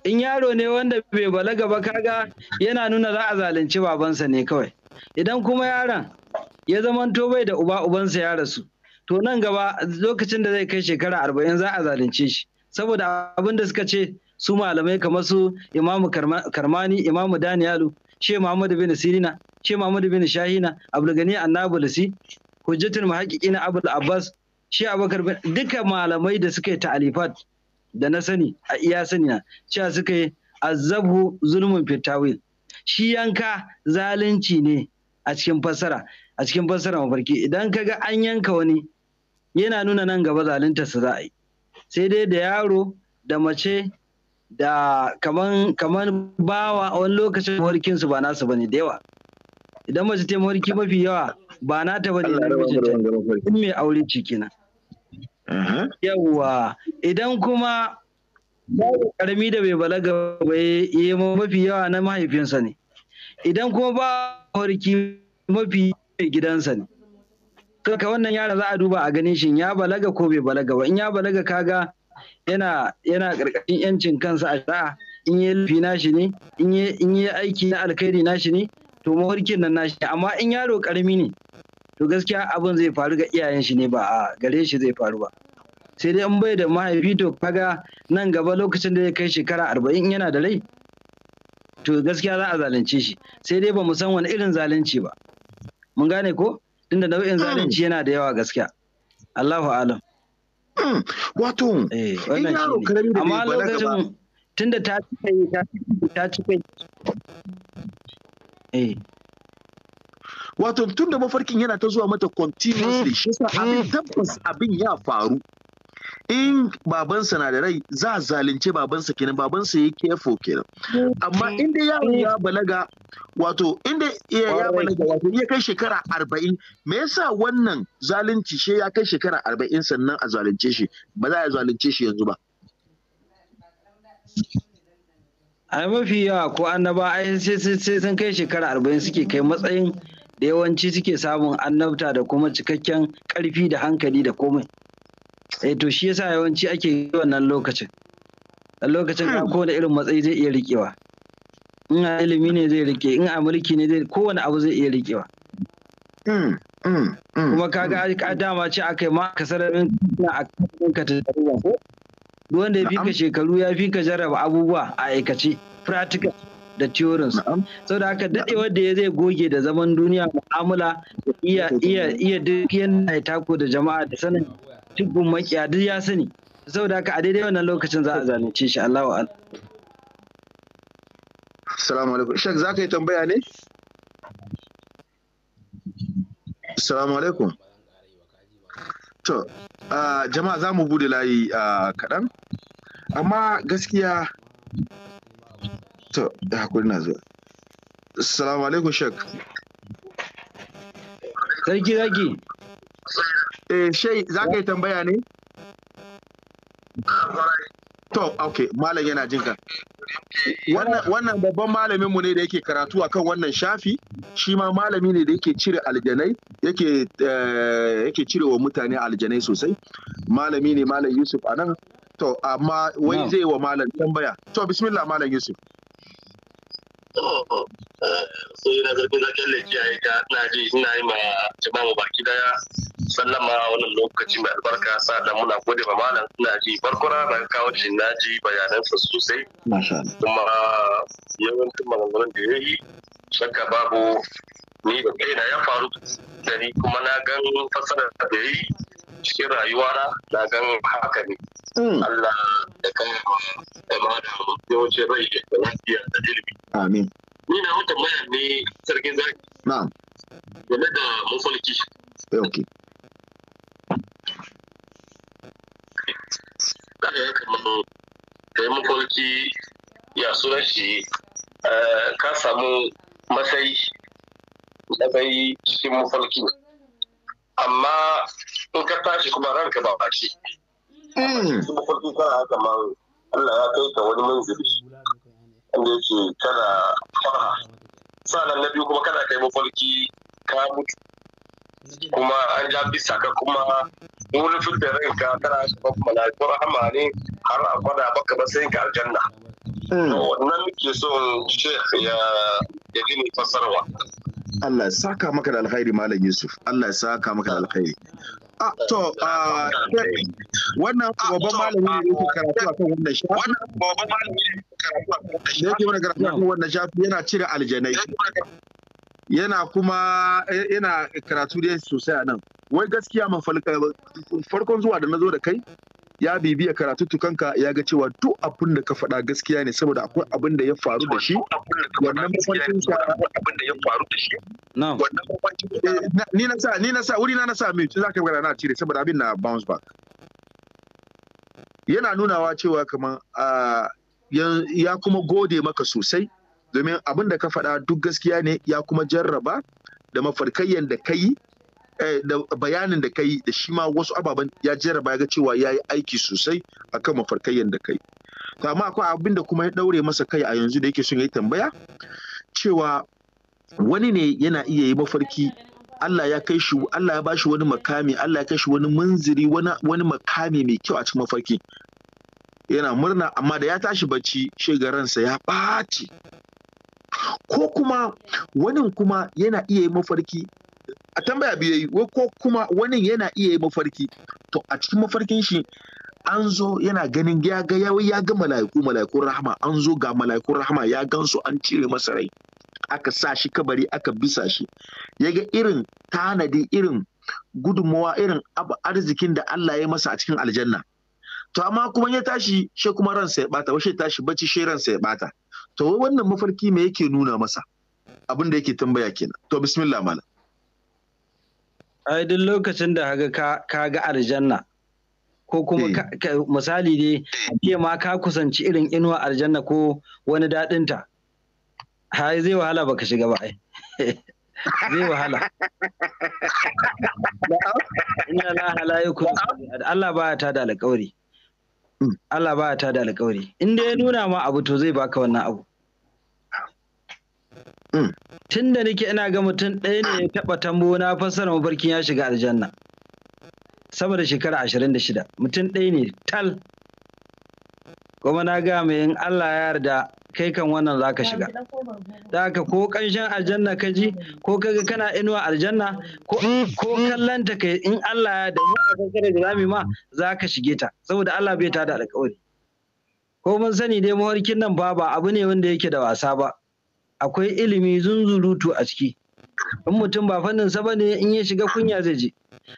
in yaro ne wanda bai balaga ba kaga yana nuna za a zalunci babansa ne kawai idan kuma yaron ya zamanto bai da uba ubansa ya rasu to nan gaba lokacin da zai kai shekara arba'in za a zalunce shi saboda abin da suka ce su malamai kamar su imamu karmani imamu daniyalu she muhammadu bin sirina she muhammadu bin shahina abdulgani annabulisi hujjatul na abul abbas she bin. duka malamai da suka yi ta'alifat da na sani a iya sani na cewa suka yi zabu zulmun fitawil shi yanka zalunci ne a cikin fassara a cikin fassara mafarki idan kaga an yanka wani yana nuna nan gaba zalunta su za a yi sai dai da yaro da mace da kaman kaman bawa a wani lokacin mawarkin su ba nasu bane da yawa idan mace ta mawarki mafi yawa ba na ta bane na mijinta in mai aure ce kenan yawa idan kuma karami da bai balaga ba yi mafi yawa na mahaifinsa ne idan kuma ba mawarki mafi gidansa ne to ka wannan yaron za a duba a ganin shin ya balaga ko bai balaga ba in ya balaga kaga yana yana karkashin yancin kansa a sha'a, in yi lafi nashi ne in yi aiki na alkhairi nashi ne to mawarkin nan nashi amma in yaro karami ne to gaskiya abin zai faru ga iyayen shi ne ba a gare shi zai faru ba sai dai in bai da mahaifi to kaga nan gaba lokacin da ya kai shekara arba'in yana da rai to gaskiya za a zalunce shi sai dai ba mu san wani irin zalunci ba mun gane ko Tunda nau'in hmm. zalunci yana da yawa gaskiya Allahu alam hmm. wato eh, in yaro karami da amma lokacin tunda ta cika yi ta cika yi eh. wato tun da mafarkin yana ta zuwa mata continuously hmm. shi sa abin tabbas abin ya faru in babansa na da rai za a zalunce babansa kenan babansa ya kefo kenan amma mm. inda ya mm. ya balaga wato inda ya balaga wato ya kai shekara arba'in me yasa wannan zalunci she ya kai shekara arba'in sannan a zalunce shi ba za a zalunce shi yanzu ba a mafi yawa ko annaba ai sai sun kai shekara arba'in suke kai matsayin da yawanci suke samun annabta da kuma cikakken karfi da hankali da komai eh to shi yasa yawanci ake yi wannan lokacin hmm. a lokacin ka kowane irin matsayi zai iya rikewa in a ilimi ne zai rike in a mulki ne zai kowane abu zai iya rikewa hmm, hmm, kuma kaga ka dama ce aka yi ma ka sararin a kan ka tarihi ko duk wanda ya fi ka shekaru ya fi ka jarraba abubuwa a aikace practical da theorems sau da haka daɗewar da ya zai goge da zaman duniya mu'amala iya iya iya duk yana ya tako da jama'a da sanin tubbun makiya duk ya sani saboda haka a daidai wannan lokacin za a zalunce shi Allah wa Assalamu alaikum Shek za ka yi tambaya ne? Assalamu alaikum To jama'a za mu bude layi kaɗan amma gaskiya to da hakuri na zuwa Assalamu alaikum Shek Sarki zaki. Eh, shai za ka yi tambaya ne? To, ok, malam yana jin ka. Wannan babban malaminmu ne da yake karatu akan wannan shafi, shi ma malami ne da yake cire aljanai, eh, yake cire wa mutane aljanai sosai. Malami ne Malam Yusuf a nan. To, amma wai zai wa malam tambaya. To, bismillah Malam Yusuf. so yana eh, na zaken da kiyaye ka na ji ina yi ma jama'a baki daya sallama a wannan lokaci mai albarka sa da muna gode ma malam ina ji barkura na kawo shi na ji sa sosai kuma yawancin maganganun da ya yi shakka babu ni da kaina ya faru da ni kuma na gan fasarar da ya yi cikin rayuwa na na gan haka ne hmm. Allah da kai da ma da yawancin rai da lafiya da ilimi amin ni na wata mayar ne sarkin zaki na'am game da mafalki Okay. za ka kamar kai mafarki ya sunan shi eh, ka samu matsayi matsayi cikin mafarki amma in ka tashi kuma ranka ba baci hmm. cikin mafarki kana haka ma Allah ya kai ka wani manzili wanda yake kana fara sa'an na biyu kuma kana kai mafarki ka mutu kuma an ja bisa ka kuma wurin fitar ranka tana kuma malakun rahama ne har a gwada baka ba sai ka aljanna hmm. wannan muke so sheikh ya ya gini fasarwa Allah ya saka maka da alkhairi malam Yusuf Allah ya saka maka da alkhairi Ah, to, ah, wannan ah, babban malami ne yake karatu a kan wannan shafi. Wannan babban malami ne yake karatu a kan wannan shafi. Da yake mana karatu a kan wannan shafi yana cire aljanai. yana kuma eh, yana karatu dai sosai a nan wai gaskiya ma eh, farkon zuwa da na zo da kai ya bibiya karatu tukanka ya ga cewa duk abin da ka faɗa gaskiya ne saboda akwai abin da ya faru da shi wannan mafarkin sa abin da ya faru da shi ni na sa ni na sa wuri na na sa mai za ka gara na cire saboda abin na bounce back yana nunawa cewa kamar ah, ya kuma gode maka sosai domin abin da ka faɗa duk gaskiya ne ya kuma jarraba da mafarkayyan da ka yi eh, da bayanin da ka yi da shi ma wasu ababen ya jarraba ya ga cewa ya yi aiki sosai akan mafarkayyan da ka yi amma akwai abin da kuma ya ɗaure masa kai a yanzu da yake son ya yi tambaya cewa wani ne yana iya yi mafarki Allah ya kai shi Allah ya bashi wani makami Allah ya kai shi wani munziri wani makami mai kyau a cikin mafarki yana murna amma da ya tashi bacci shi ransa ya ɓaci ko kuma wani kuma yana iya yi mafarki a tambaya biyu yi ko kuma wani yana iya yi mafarki to a cikin mafarkin shi an zo yana ganin ya ga ya ga mala'iku mala'ikun rahama an zo ga mala'ikun rahama ya gansu an cire masa rai aka sa shi kabari aka bisa shi ya ga irin tanadi irin gudunmawa irin arzikin da Allah ya masa a cikin aljanna to amma kuma ya tashi shi kuma ransa ya bata ya tashi bacci shi ransa ya bata to wannan mafarki me yake nuna masa abin da yake tambaya kenan to bismillah mala ai duk lokacin da haga ka ga aljanna ko kuma eh. misali ne ke ma ka kusanci irin inuwa aljanna ko wani daɗinta hai zai wahala baka shiga ba ai zai wahala inna la halayu Allah baya ta da alƙawari hmm. Allah baya ta da alƙawari in dai ya nuna ma abu to zai baka wannan abu Mm. tun da nake ina ga mutum ɗaya ne ya taɓa tambo na fassara mafarkin ya shiga aljanna sama da shekara ashirin da shida mutum ɗaya ne tal kuma na ga mai in Allah ya yarda kai kan wannan za ka shiga da haka ko ƙanshin aljanna ka ji ko ka ga kana inuwa aljanna ko ta ka in Allah ya da mu a kankare da zami ma za ka shige ta saboda Allah bai ta da alƙawari ko mun sani dai mawarkin nan ba ba abu ne wanda yake da wasa ba akwai ilimi zunzurutu a ciki in mutum ba fannin sa bane in ya shiga kunya zai je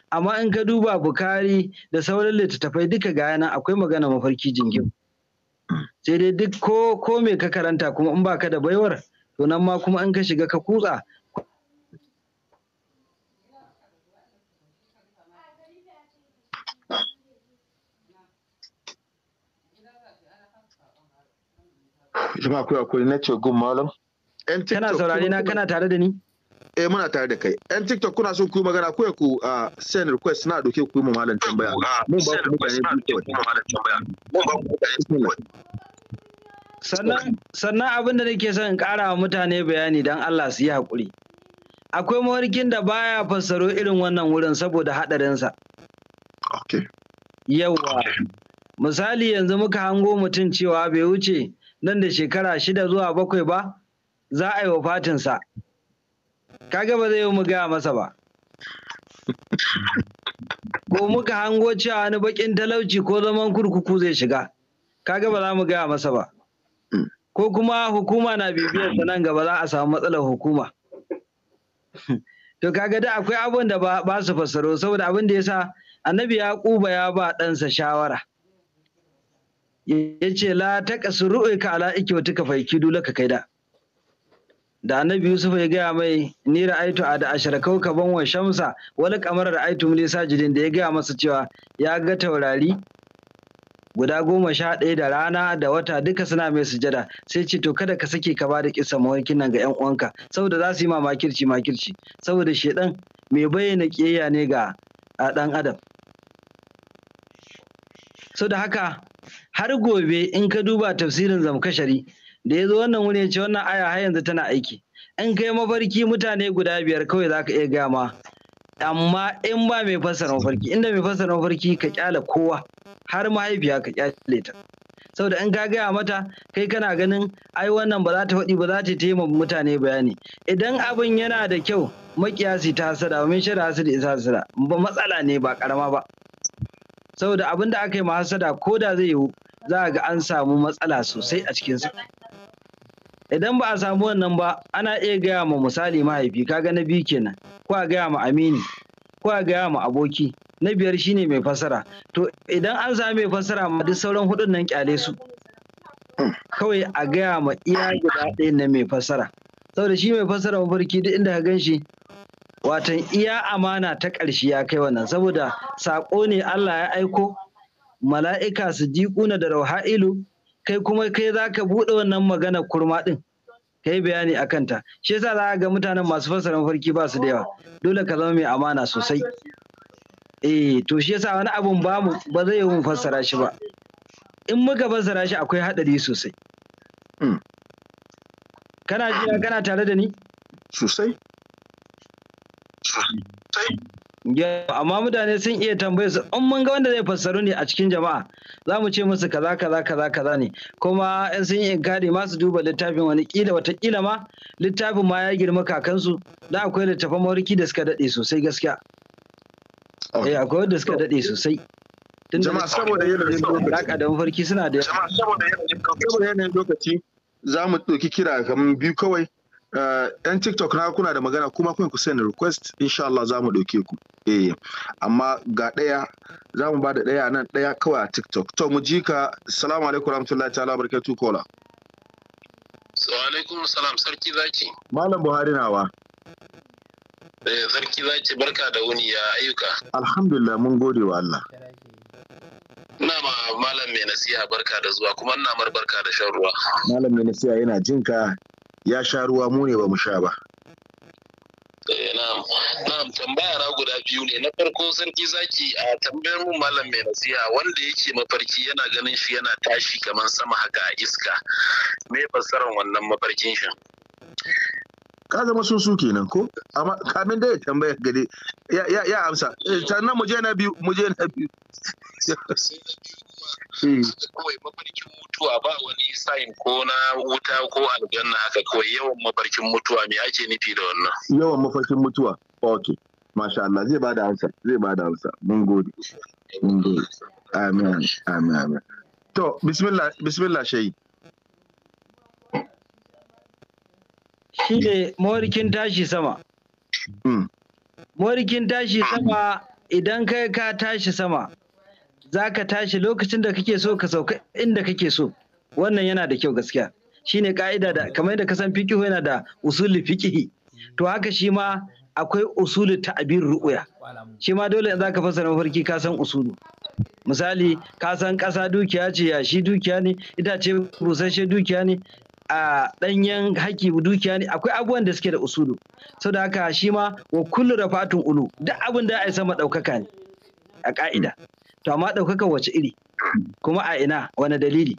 amma in ka duba bukari da sauran littattafai duka ga yana akwai magana mafarki jingim sai dai duk ko ko me ka karanta kuma in baka da baiwar to nan ma kuma in ka shiga ka kutsa jama'a akwai akwai na ce gun malam 'yan tiktok kana saurare na kana tare da ni eh muna tare da kai yan tiktok kuna son ku yi magana ko ku a ah, send request na doke ku yi ah, mu malam tambaya mun ba ku mutane mun sannan sannan abin da nake son in ƙara wa mutane bayani dan Allah su yi hakuri akwai mawarkin da baya fassaro irin wannan wurin saboda haɗarinsa. Okay. Yawwa. Misali yanzu muka hango mutum cewa bai wuce nan da shekara shida zuwa bakwai ba, za a yi wa fatinsa kaga ba zai yi mu gaya masa ba ko muka hango cewa wani bakin talauci ko zaman kurkuku zai shiga kaga ba za mu gaya masa ba ko kuma hukuma na bibiyar sa nan gaba za a samu matsalar hukuma to kaga da akwai abin da ba su fassaro saboda abin da yasa annabi ya kuba ya ba ɗansa shawara ya ce la ta kasu ala ka faiki dole ka kaida da annabi yusuf ya gaya mai ni ra'aitu a da ashar kaukaban wa shamsa wani kamar ra'aitu sa jirin da ya gaya masa cewa ya ga taurari guda goma sha ɗaya da rana da wata duka suna mai sujada sai ce to kada ka sake ka bada kisa mawarkin nan ga yan uwanka saboda za su yi ma makirci makirci saboda shedan mai bayyana kiyayya ne ga a ɗan adam Sau da haka har gobe in ka duba tafsirin zamkashari da ya zo wannan wuri ce wannan aya har yanzu tana aiki in kai mafarki mutane guda biyar kawai za ka iya gaya ma amma in ba mai fassara mafarki inda mai fassara mafarki ka kyale kowa har mahaifiya ka kyale ta saboda in ka gaya mata kai kana ganin ai wannan ba za ta faɗi ba za ta taima mutane bayani idan abin yana da kyau makiyasi ta hasada min shara hasada isa hasada ba matsala ne ba karama ba saboda abin da aka yi ma hasada ko da zai yiwu za a ga an samu matsala sosai a cikinsa idan ba a samu wannan ba ana iya gaya ma misali mahaifi ka ga na biyu kenan ko a gaya ma amini ko a gaya ma aboki na biyar shine mai fasara to idan an sami mai fasara ma duk sauran hudun nan kyale su kawai a gaya ma iya guda ɗaya na mai fasara saboda shi mai fasara mafarki duk inda ka gan shi watan iya amana ta ƙarshe ya kai wannan saboda saƙo ne Allah ya aiko mala'ika su jiƙuna da rauha'ilu kai kuma kai za ka buɗe wannan magana kurma ɗin Kai bayani a kanta shi yasa za ga mutanen masu fassara mafarki ba su da yawa dole ka zama mai amana sosai eh to shi yasa wani abun ba mu ba zai mu fassara shi ba in muka fassara shi akwai haɗari sosai hmm. kana jira kana tare da ni sosai amma mutane sun iya tambaye su in mun ga wanda zai fassaru ne a cikin jama'a za mu ce musu kaza kaza kaza kaza ne kuma in sun yi inkari ma su duba littafin wani kila watakila ma littafin ma ya girma kakansu da akwai littafan mawarki da suka daɗe sosai gaskiya eh akwai wanda suka daɗe sosai jama'a saboda yanayin lokaci da farki suna da jama'a saboda yanayin lokaci za mu ɗauki kira kamar biyu kawai Eh, yan tiktok na kuna da magana kuma kun ku send request insha Allah za mu ɗauke ku eh amma ga ɗaya za mu ba da ɗaya nan ɗaya kawai a tiktok to mu ji ka assalamu alaikum rahmatullahi ta'ala barkatu kola alaikum salam sarki zaki malam buhari nawa eh sarki zaki barka da wuni ya ayyuka alhamdulillah mun gode wa Allah ina ma malam mai nasiha barka da zuwa kuma ina mar barka da shan ruwa malam mai nasiha yana jinka ya sha ruwa mu ne ba mu sha ba eh, na'am tambaya na guda biyu ne na farko sarki zaki a tambayar mu malam mai nasiha wanda yake mafarki yana ganin shi yana tashi kamar sama haka a iska me fassarar wannan mafarkin shi ka zama sun su kenan ko amma kamin da ya tambaya gade ya amsa eh, sannan mu je na biyu mu je na biyu kawai mafarkin mutuwa ba wani sayin ko na wuta ko aljanna haka kawai yawan mafarkin mutuwa me ake nufi da wannan yawan mafarkin mutuwa okay masha Allah zai bada amsa zai bada amsa mun gode mun gode amin amin amin to bismillah bismillah shayi shine morikin tashi sama. Hmm. Morikin tashi sama idan kai ka tashi sama za ka tashi lokacin da kake so ka sauka inda kake so wannan yana da kyau gaskiya shi ne ka'ida da kamar yadda ka san fikihu yana da usuli fikihi to haka shi ma akwai usuli ta abin ru'uya shi ma dole za ka fasara mafarki ka san usulu misali ka san ƙasa dukiya ce yashi dukiya ne itace busasshe dukiya ne a ɗanyen haƙƙi dukiya ne akwai abubuwan da suke da usulu sau da haka shi ma wa kullu da fatun ulu duk abin da ya sama ɗaukaka ne a ƙa'ida to amma ɗaukaka wace iri kuma a ina wani dalili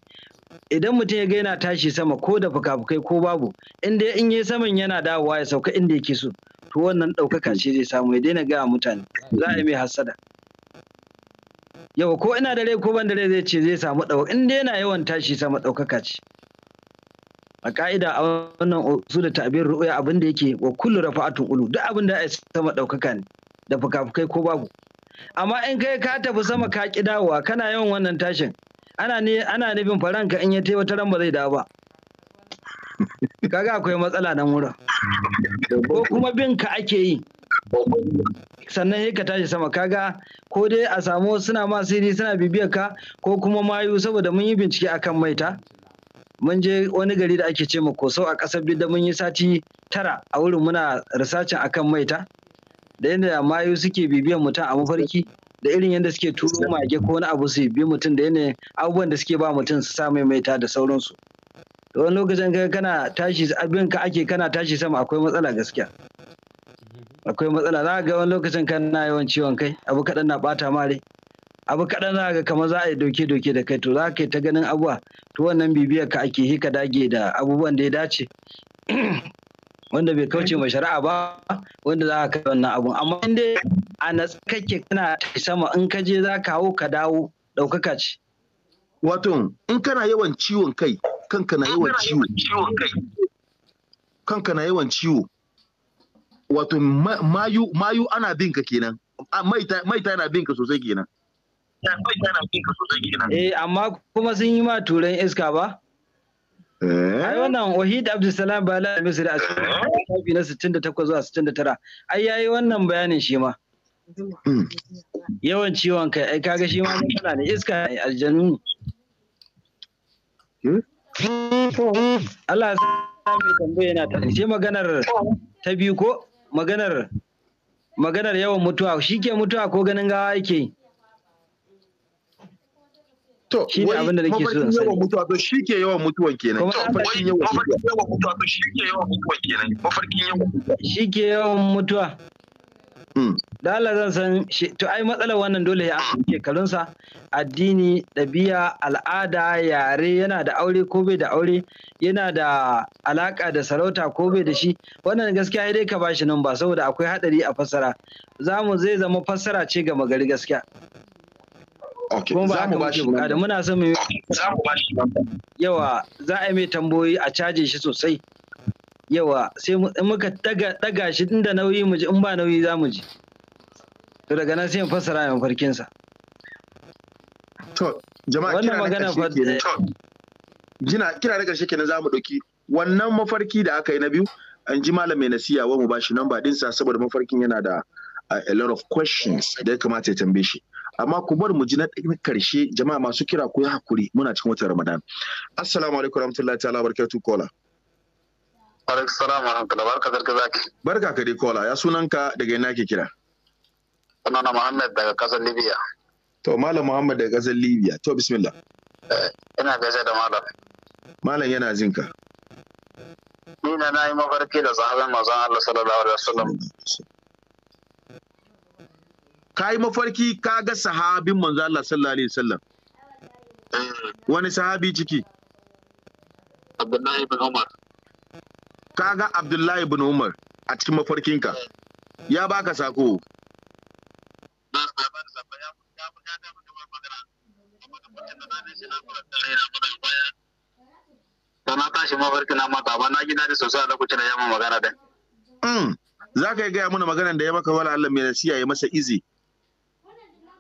idan mutum ya ga yana tashi sama ko da fuka-fukai ko babu inda in yi saman yana dawowa ya sauka inda yake so to wannan ɗaukaka ce zai samu ya daina gaya mutane za a yi mai hassada yau ko ina da rai ko ban da rai zai ce zai samu ɗaukaka inda yana yawan tashi sama ɗaukaka ce a ka'ida a wannan su da tabir ru'ya abin da yake wa kullu rafa'atun ulu duk abin da ya sama daukaka ne da fukafukai ko babu amma in kai ka tafi sama ka ki kana yawan wannan tashin ana ne ana nufin faranka in ya tai wata ran ba zai dawo ba kaga akwai matsala nan wurin ko kuma bin ka ake yi sannan sai ka tashi sama kaga ko dai a samu suna ma suna bibiyar ka ko kuma mayu saboda mun yi bincike akan maita mun je wani gari da ake ce ma koso a ƙasar bida mun yi sati tara a wurin muna risacin akan maita da yadda mayu suke bibiyan mutum a mafarki da irin yadda suke turo mage ko wani abu su bi mutum da yanayin abubuwan da suke ba mutum su sa mai maita da sauransu da wani lokacin kai kana tashi abin ka ake kana tashi sama akwai matsala gaskiya akwai matsala za ga wani lokacin kana yawan ciwon kai abu kaɗan na ɓata mare abu kaɗan za ga kamar za a yi doke-doke da kai to za ka yi ta ganin abuwa to wannan bibiyar ka ake hika dage da abubuwan da ya dace wanda bai kauce ma shari'a ba wanda za ka kai wannan abun amma in dai a natsa kake kana sama in ka je za ka hau ka dawo ɗaukaka ce. Wato in kana yawan ciwon kai kanka na yawan ciwo kanka na yawan ciwo wato mayu ana bin ka kenan maita maita yana ka sosai kenan. Eh amma kuma sun yi ma turan iska ba? Eh? Ai wannan Wahid Abdulsalam Bala da Misri a cikin eh? na 68 zuwa 69. Ai yayi wannan bayanin shi ma. Hmm. Yawan ciwon kai ai kaga shi ma matsala ne iska ne aljanu. Hmm? Allah ya sa mai tambaya yana ta ce maganar ta biyu ko maganar maganar yawan mutuwa shi ke mutuwa ko ganin gawa yake yi. To, shi ne abin da nake so in sani. mutuwa to shi ke yawan mutuwan kenan. Kuma mafarkin yawan mutuwa to shi ke yawan mutuwan kenan. Mafarkin yawan mutuwa. Shi ke yawan mutuwa. Hmm. Dala zan san shi to ai matsalar wannan dole ya amsa shekarunsa addini ɗabi'a al'ada yare yana da aure ko bai da aure yana da alaka da sarauta ko bai da shi wannan gaskiya dai ka bashi nan ba saboda akwai hadari a fassara zamu zai zama fassara ce ga gari gaskiya Okay, za mu bashi bukata muna son mu za mu bashi yawa za a yi mai tambayoyi a caje shi sosai yawa sai muka daga shi inda nauyi mu ji in ba nauyi za mu ji to daga nan sai mu fassara mai farkin sa to jama'a wannan magana fa jina kira na karshe kenan za mu dauki wannan mafarki da aka yi na biyu an ji malam mai nasiya wa mu bashi namba dinsa saboda mafarkin yana da a lot of questions da ya kamata ya tambaye shi amma ku bar mu ji na karshe jama'a masu kira ku yi hakuri muna cikin watan Ramadan assalamu alaikum warahmatullahi ta'ala barkatu kola alaikum salam warahmatullahi barka zarka zaki barka ka dai kola ya sunanka daga ina ke kira sunana Muhammad daga kasar Libya to malam Muhammad daga kasar Libya to bismillah eh, ina gaisa da malam malam yana jin ka. ni na yi mafarki da sahabin manzon Allah sallallahu alaihi wasallam ka yi mafarki ka ga sahabin manzo Allah sallallahu alaihi wasallam wani sahabi ciki Abdullahi ibn Umar ka ga Abdullahi ibn Umar a cikin mafarkinka ya baka sako to na tashi mafarki na mata ba na gina daɗi sosai a lokacin da ya magana da mm. za ka yi gaya mana magana da ya maka wala Allah mai nasiya ya masa izi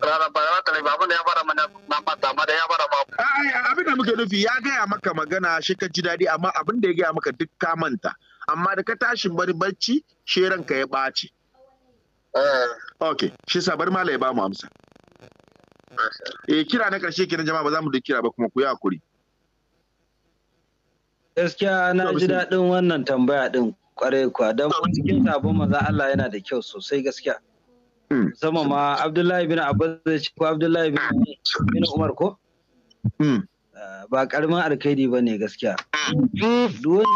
ba ya tare ba abin ya fara mana mata ma da ya fara ba abin da muke nufi ya gaya maka magana shi ka ji daɗi amma abin da ya gaya maka duk ka manta amma da ka tashi bari barci shi ranka ya ɓaci eh. ok shi sa bari mala ya ba mu amsa E, kira na ƙarshe kenan jama'a ba za mu duk kira ba kuma ku yi hakuri gaskiya na ji daɗin wannan tambaya ɗin kwarai kwa don cikin mm. sabon maza Allah yana da kyau sosai gaskiya sama ma abdullahi bin abbas ko abdullahi bin umar ko hmm. ah, ba karamin alkaidi ba ne gaskiya hmm. duk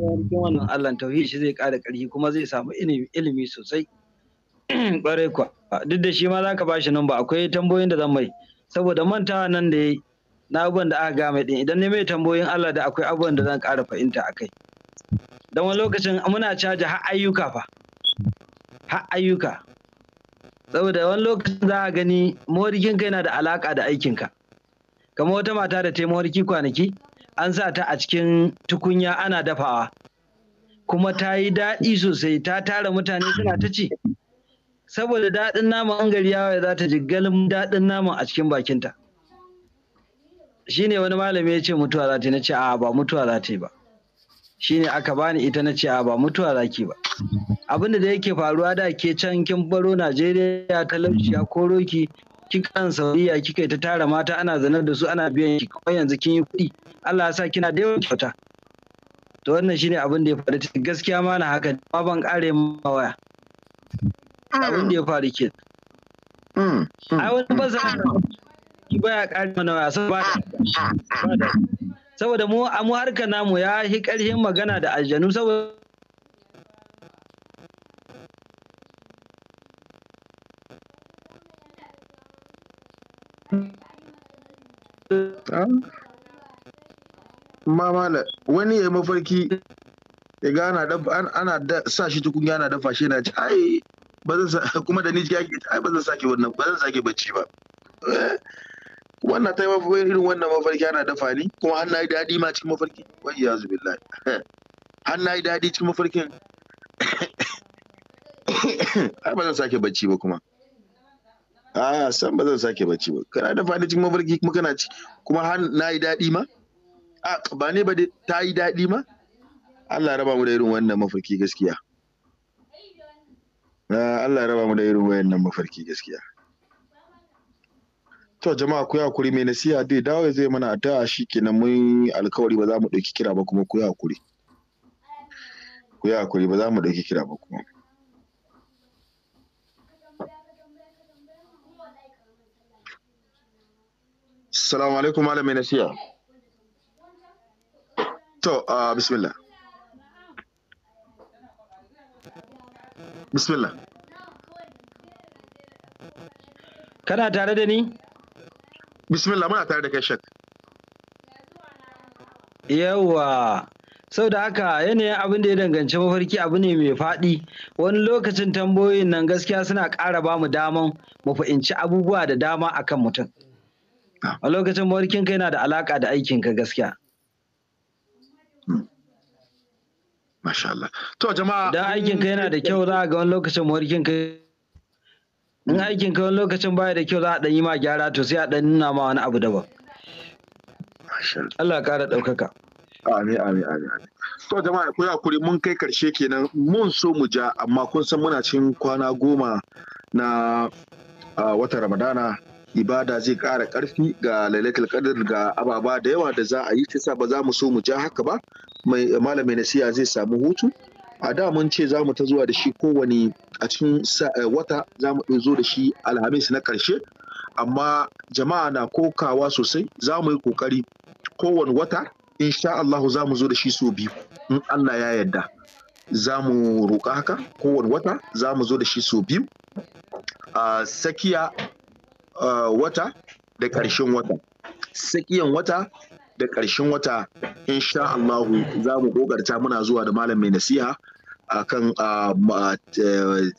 wanda ya wannan allah tauhi shi zai kara karfi kuma zai samu ilimi sosai kwarai hmm, kwa duk da shi ma za ka ba shi nan ba akwai tambayoyin da zan mai saboda manta nan da ya yi na abubuwan da aka gama din idan ne mai tambayoyin allah da akwai abubuwan da zan kara fahimta a kai don wani lokacin muna caji har ayyuka fa har ayyuka saboda wani lokacin za a gani mawarkin ka yana da alaka da aikinka kamar wata mata da ta yi mawarki kwanaki an sa ta a cikin tukunya ana dafawa kuma ta yi daɗi sosai ta tara mutane suna ta ci saboda daɗin naman an gari yawa za ta ji galin daɗin naman a cikin bakinta shine wani malami ya ce mutuwa za ta yi na ce a ba mutuwa za ta yi ba shine aka bani ita na ce a ba mutuwa za ki ba abinda da yake faruwa da ke can kin baro Najeriya talauci ya koro ki kan sauriya kika ta tara mata ana zanar da su ana biyan ki kawai yanzu kin yi kuɗi Allah ya sa kina da yawan kyauta to wannan shine abin da ya faru gaskiya ma na haka ba ban kare ma waya abin da ya faru ke hmm, hmm, ai wani hmm. ba sa ki baya kare mana waya saboda saboda mu amu harkar namu ya hi karfin magana da aljanu saboda mamala wani ya yi mafarki ya ga ana sa shi tukun ana dafa shi na ci ai ba zan kuma da nijiki ake ai ba zan sake wannan ba zan sake bacci ba eh, wannan ta yi mafarki irin wannan mafarki ana dafa ni kuma har na yi daɗi ma cikin mafarki wani ya zubi lai har na yi daɗi cikin mafarkin ai ba zan sake bacci ba kuma a san ba zan sake bacci ba kana da fadi cikin mafarki kuma kana ci kuma har na yi daɗi ma a ba ne ba ta yi daɗi ma Allah raba mu da irin wannan mafarki gaskiya Allah raba mu da irin wannan mafarki gaskiya to jama'a ku hakuri mai nasiha dai dawo zai mana shi kenan mun alkawari ba za mu ɗauki kira ba kuma ku hakuri ku hakuri ba za mu ɗauki kira ba kuma Salamu alaikum malam mai nasiya. To, uh, bismillah. Bismillah. Kana tare da ni? Bismillah muna tare da kai shak. Yawwa. sau da haka yanayin abin da ya danganci mafarki abu ne mai faɗi wani lokacin tambayoyin nan gaskiya suna ƙara ba mu daman mu fahimci abubuwa da dama akan mutum. a lokacin mawarkin ka yana da alaka da aikin ka gaskiya Masha Allah. To jama'a. Idan aikin ka yana da kyau za a ga wani lokacin mawarkin ka in aikin ka wani lokacin baya da kyau za a dan yi ma gyara to sai a dan nuna ma wani abu daban. Allah ƙara ɗaukaka. Amin, amin, amin, To jama'a ku hakuri mun kai karshe kenan mun so mu ja amma kun san muna cikin kwana goma na ah, watan Ramadana ibada zai ƙara ƙarfi ga lailatul qadr ga ababa da yawa da za a yi shi ba za mu so mu ja haka ba mai na nasiya zai samu hutu a da mun ce za mu ta zuwa da shi kowane a cikin eh, wata za mu zo da shi alhamis na ƙarshe amma jama'a na kokawa sosai za mu yi ƙoƙari kowane wata insha Allah za mu zo da shi sau biyu in Allah ya yarda za mu roƙa haka kowane wata za mu zo da shi sau biyu a sakiya Uh, wata da ƙarshen wata tsakiyan wata da ƙarshen wata insha Allahu za mu ƙoƙarta muna zuwa da malam mai nasiha akan uh, uh,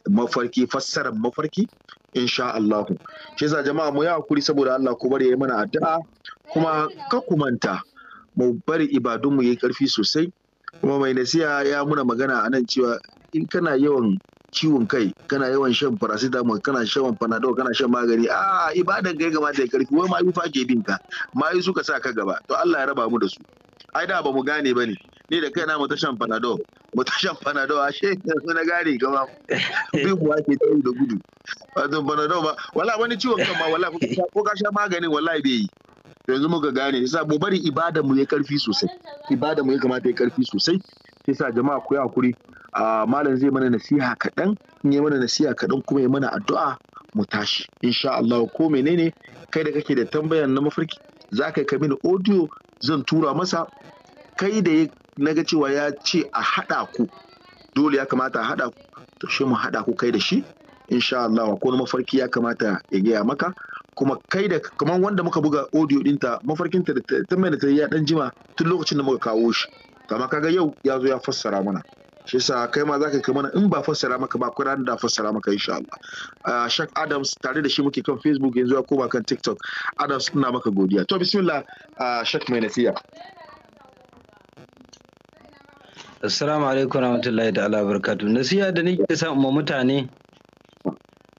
mafarki fassarar mafarki insha Allahu shi za jama'a mu yi hakuri saboda Allah ku bari ya mana addu'a kuma ka kumanta mu bari ibadun mu yi ƙarfi sosai kuma mai nasiha ya muna magana a nan cewa in kana yawan ciwon kai kana yawan shan paracetamol kana shan panadol kana shan magani a ibadan kai kamata ya karfi wai mayu fa ke bin ka mayu suka sa ka gaba to Allah ya raba mu da su ai da ba mu gane bane ni da kaina mu ta shan panadol mu ta shan panadol ashe yanzu na gane gaba bin mu ake ta da gudu wato panadol ba wala wani ciwon kan ma wala ko ka sha maganin wallahi bai yi yanzu muka gane yasa mu bari ibada mu ya karfi sosai ibada mu ya kamata ya karfi sosai yasa jama'a ku yi hakuri malam zai mana nasiha kaɗan in yi mana nasiha kaɗan kuma ya mana addu'a mu tashi insha Allah ko menene kai da kake da tambayan na mafarki za ka yi ka mini audio zan tura masa kai da ya naga cewa ya ce a haɗa ku dole ya kamata a haɗa ku to shi mu haɗa ku kai da shi insha Allah ko mafarki ya kamata ya gaya maka kuma kai da kamar wanda muka buga audio dinta mafarkinta da tambayar da ta ya dan jima tun lokacin da muka kawo shi kama kaga yau ya zo ya fassara mana shi sa kai ma zaka kai mana in ba fassara maka ba ko da fassara maka insha Allah ah, Shak Adams tare da shi muke kan Facebook yanzu ya koma kan TikTok Adams ina maka godiya to bismillah ah, Shak mai nasiya Assalamu alaikum warahmatullahi ta'ala barakatuh nasiya da nake sa ma mutane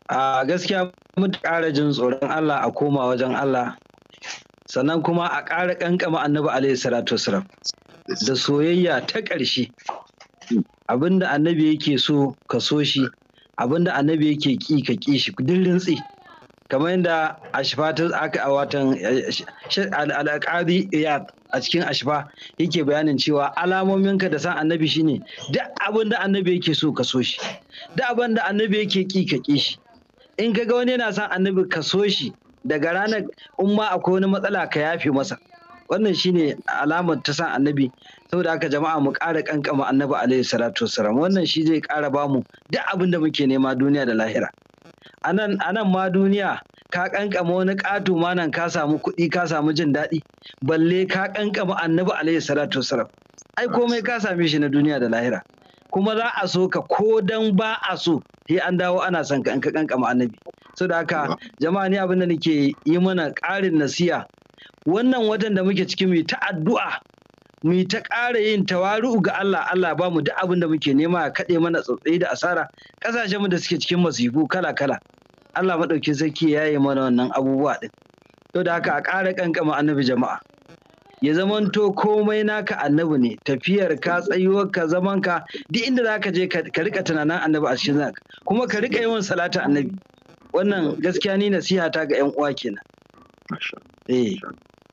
a gaskiya mutu ƙara jin tsoron Allah a koma wajen Allah sannan kuma a ƙara ƙanƙama annabi alaihi salatu wasalam da soyayya ta ƙarshe abinda annabi yake so ka so shi abinda annabi yake ƙi ka ki shi duk rintsi kamar yadda ashfatar aka a watan al'akari a cikin ashifa yake bayanin cewa alamominka da san annabi shine duk abin da annabi yake so ka so shi duk abin da annabi yake ki ka ki shi in ka ga wani yana san annabi ka so shi daga ranar in ma akwai wani matsala ka yafe masa wannan shine alamar ta san annabi saboda haka jama'a mu ƙara kankama annabi alaihi salatu wassalam wannan shi zai ƙara bamu duk abinda muke nema duniya da lahira anan anan ma duniya ka kankama wani ƙato ma nan ka samu kuɗi ka samu jin daɗi balle ka kankama annabi alaihi salatu wassalam ai komai ka same shi na duniya da lahira kuma za a so ka ko dan ba a so sai an dawo ana son ka in ka kankama annabi saboda da haka jama'a ni abin da nake yi mana ƙarin nasiha wannan watan da muke ciki mai ta addu'a mu ta ƙara yin tawaru'u ga Allah Allah ba mu duk abin da muke nema ya kaɗe mana tsautsayi da asara ƙasashenmu da suke cikin masifu kala kala Allah maɗauki sarki ya yi mana wannan abubuwa ɗin to da haka a ƙara ƙanƙama annabi jama'a ya zamanto komai naka annabi ne tafiyar ka tsayuwar ka zaman ka duk inda zaka je ka rika tunanin annabi a cikin zaka kuma ka rika yawan salatu annabi wannan gaskiya ni nasiha ta ga yan uwa kenan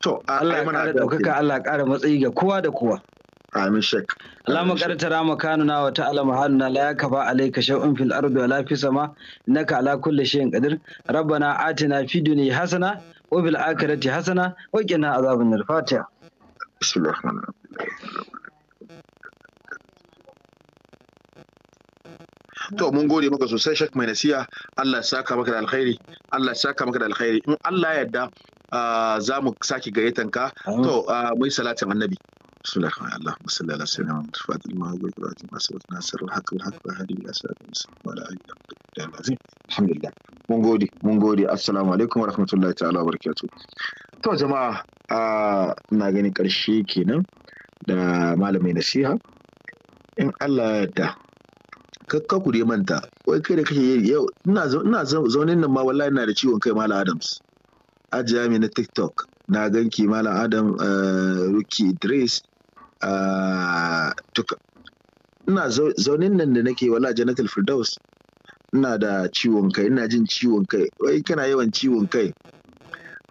To, Allah ya ɗaukaka Allah ƙara matsayi ga kowa da kowa. Amin shek. Alama kartara kanu na wa ta'ala hannu la yakfa alayka shay'un fil ardi wa la fis sama innaka ala kulli shay'in qadir. Rabbana atina fid dunya hasana wa fil akhirati hasana wa qina azaban nar. Fatiha. To mun gode maka sosai shek mai nasiya Allah ya saka maka da alkhairi Allah ya saka maka da alkhairi in Allah ya yarda za mu sake gayyatan ka to mai salatin annabi بسم الله الرحمن الرحيم mun gode mun gode assalamu alaikum ta'ala barakatuh to jama'a ina gani karshe kenan da malamai nasiha in Allah ya yarda kakka ku manta wai kai da kake yau ina zaune nan ma wallahi ina da ciwon kai malam Adams ajiya mai na tiktok na gan malam adam eh, ruki idris a eh, tuka ina zaunin nan da nake wala janatul firdaus ina da ciwon kai ina jin ciwon kai wai kana yawan ciwon kai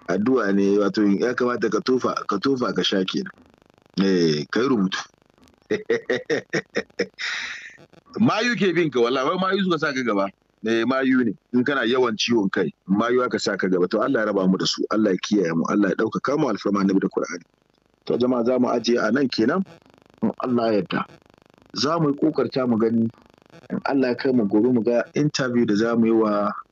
addu'a ne wato ya kamata ka tufa ka tufa ka sha ke eh kai rubutu mayu ke bin ka wallahi mayu suka sa ka gaba ne mayu ne in kana yawan ciwon kai mayu aka sa ka gaba to Allah ya raba mu da su Allah ya kiyaye mu Allah ya dauka kama alfarma annabi da Qur'ani to jama'a za mu ajiye a nan kenan in Allah ya yarda za mu yi kokarta mu gani in Allah ya kai mu gobe mu ga interview da za mu yi wa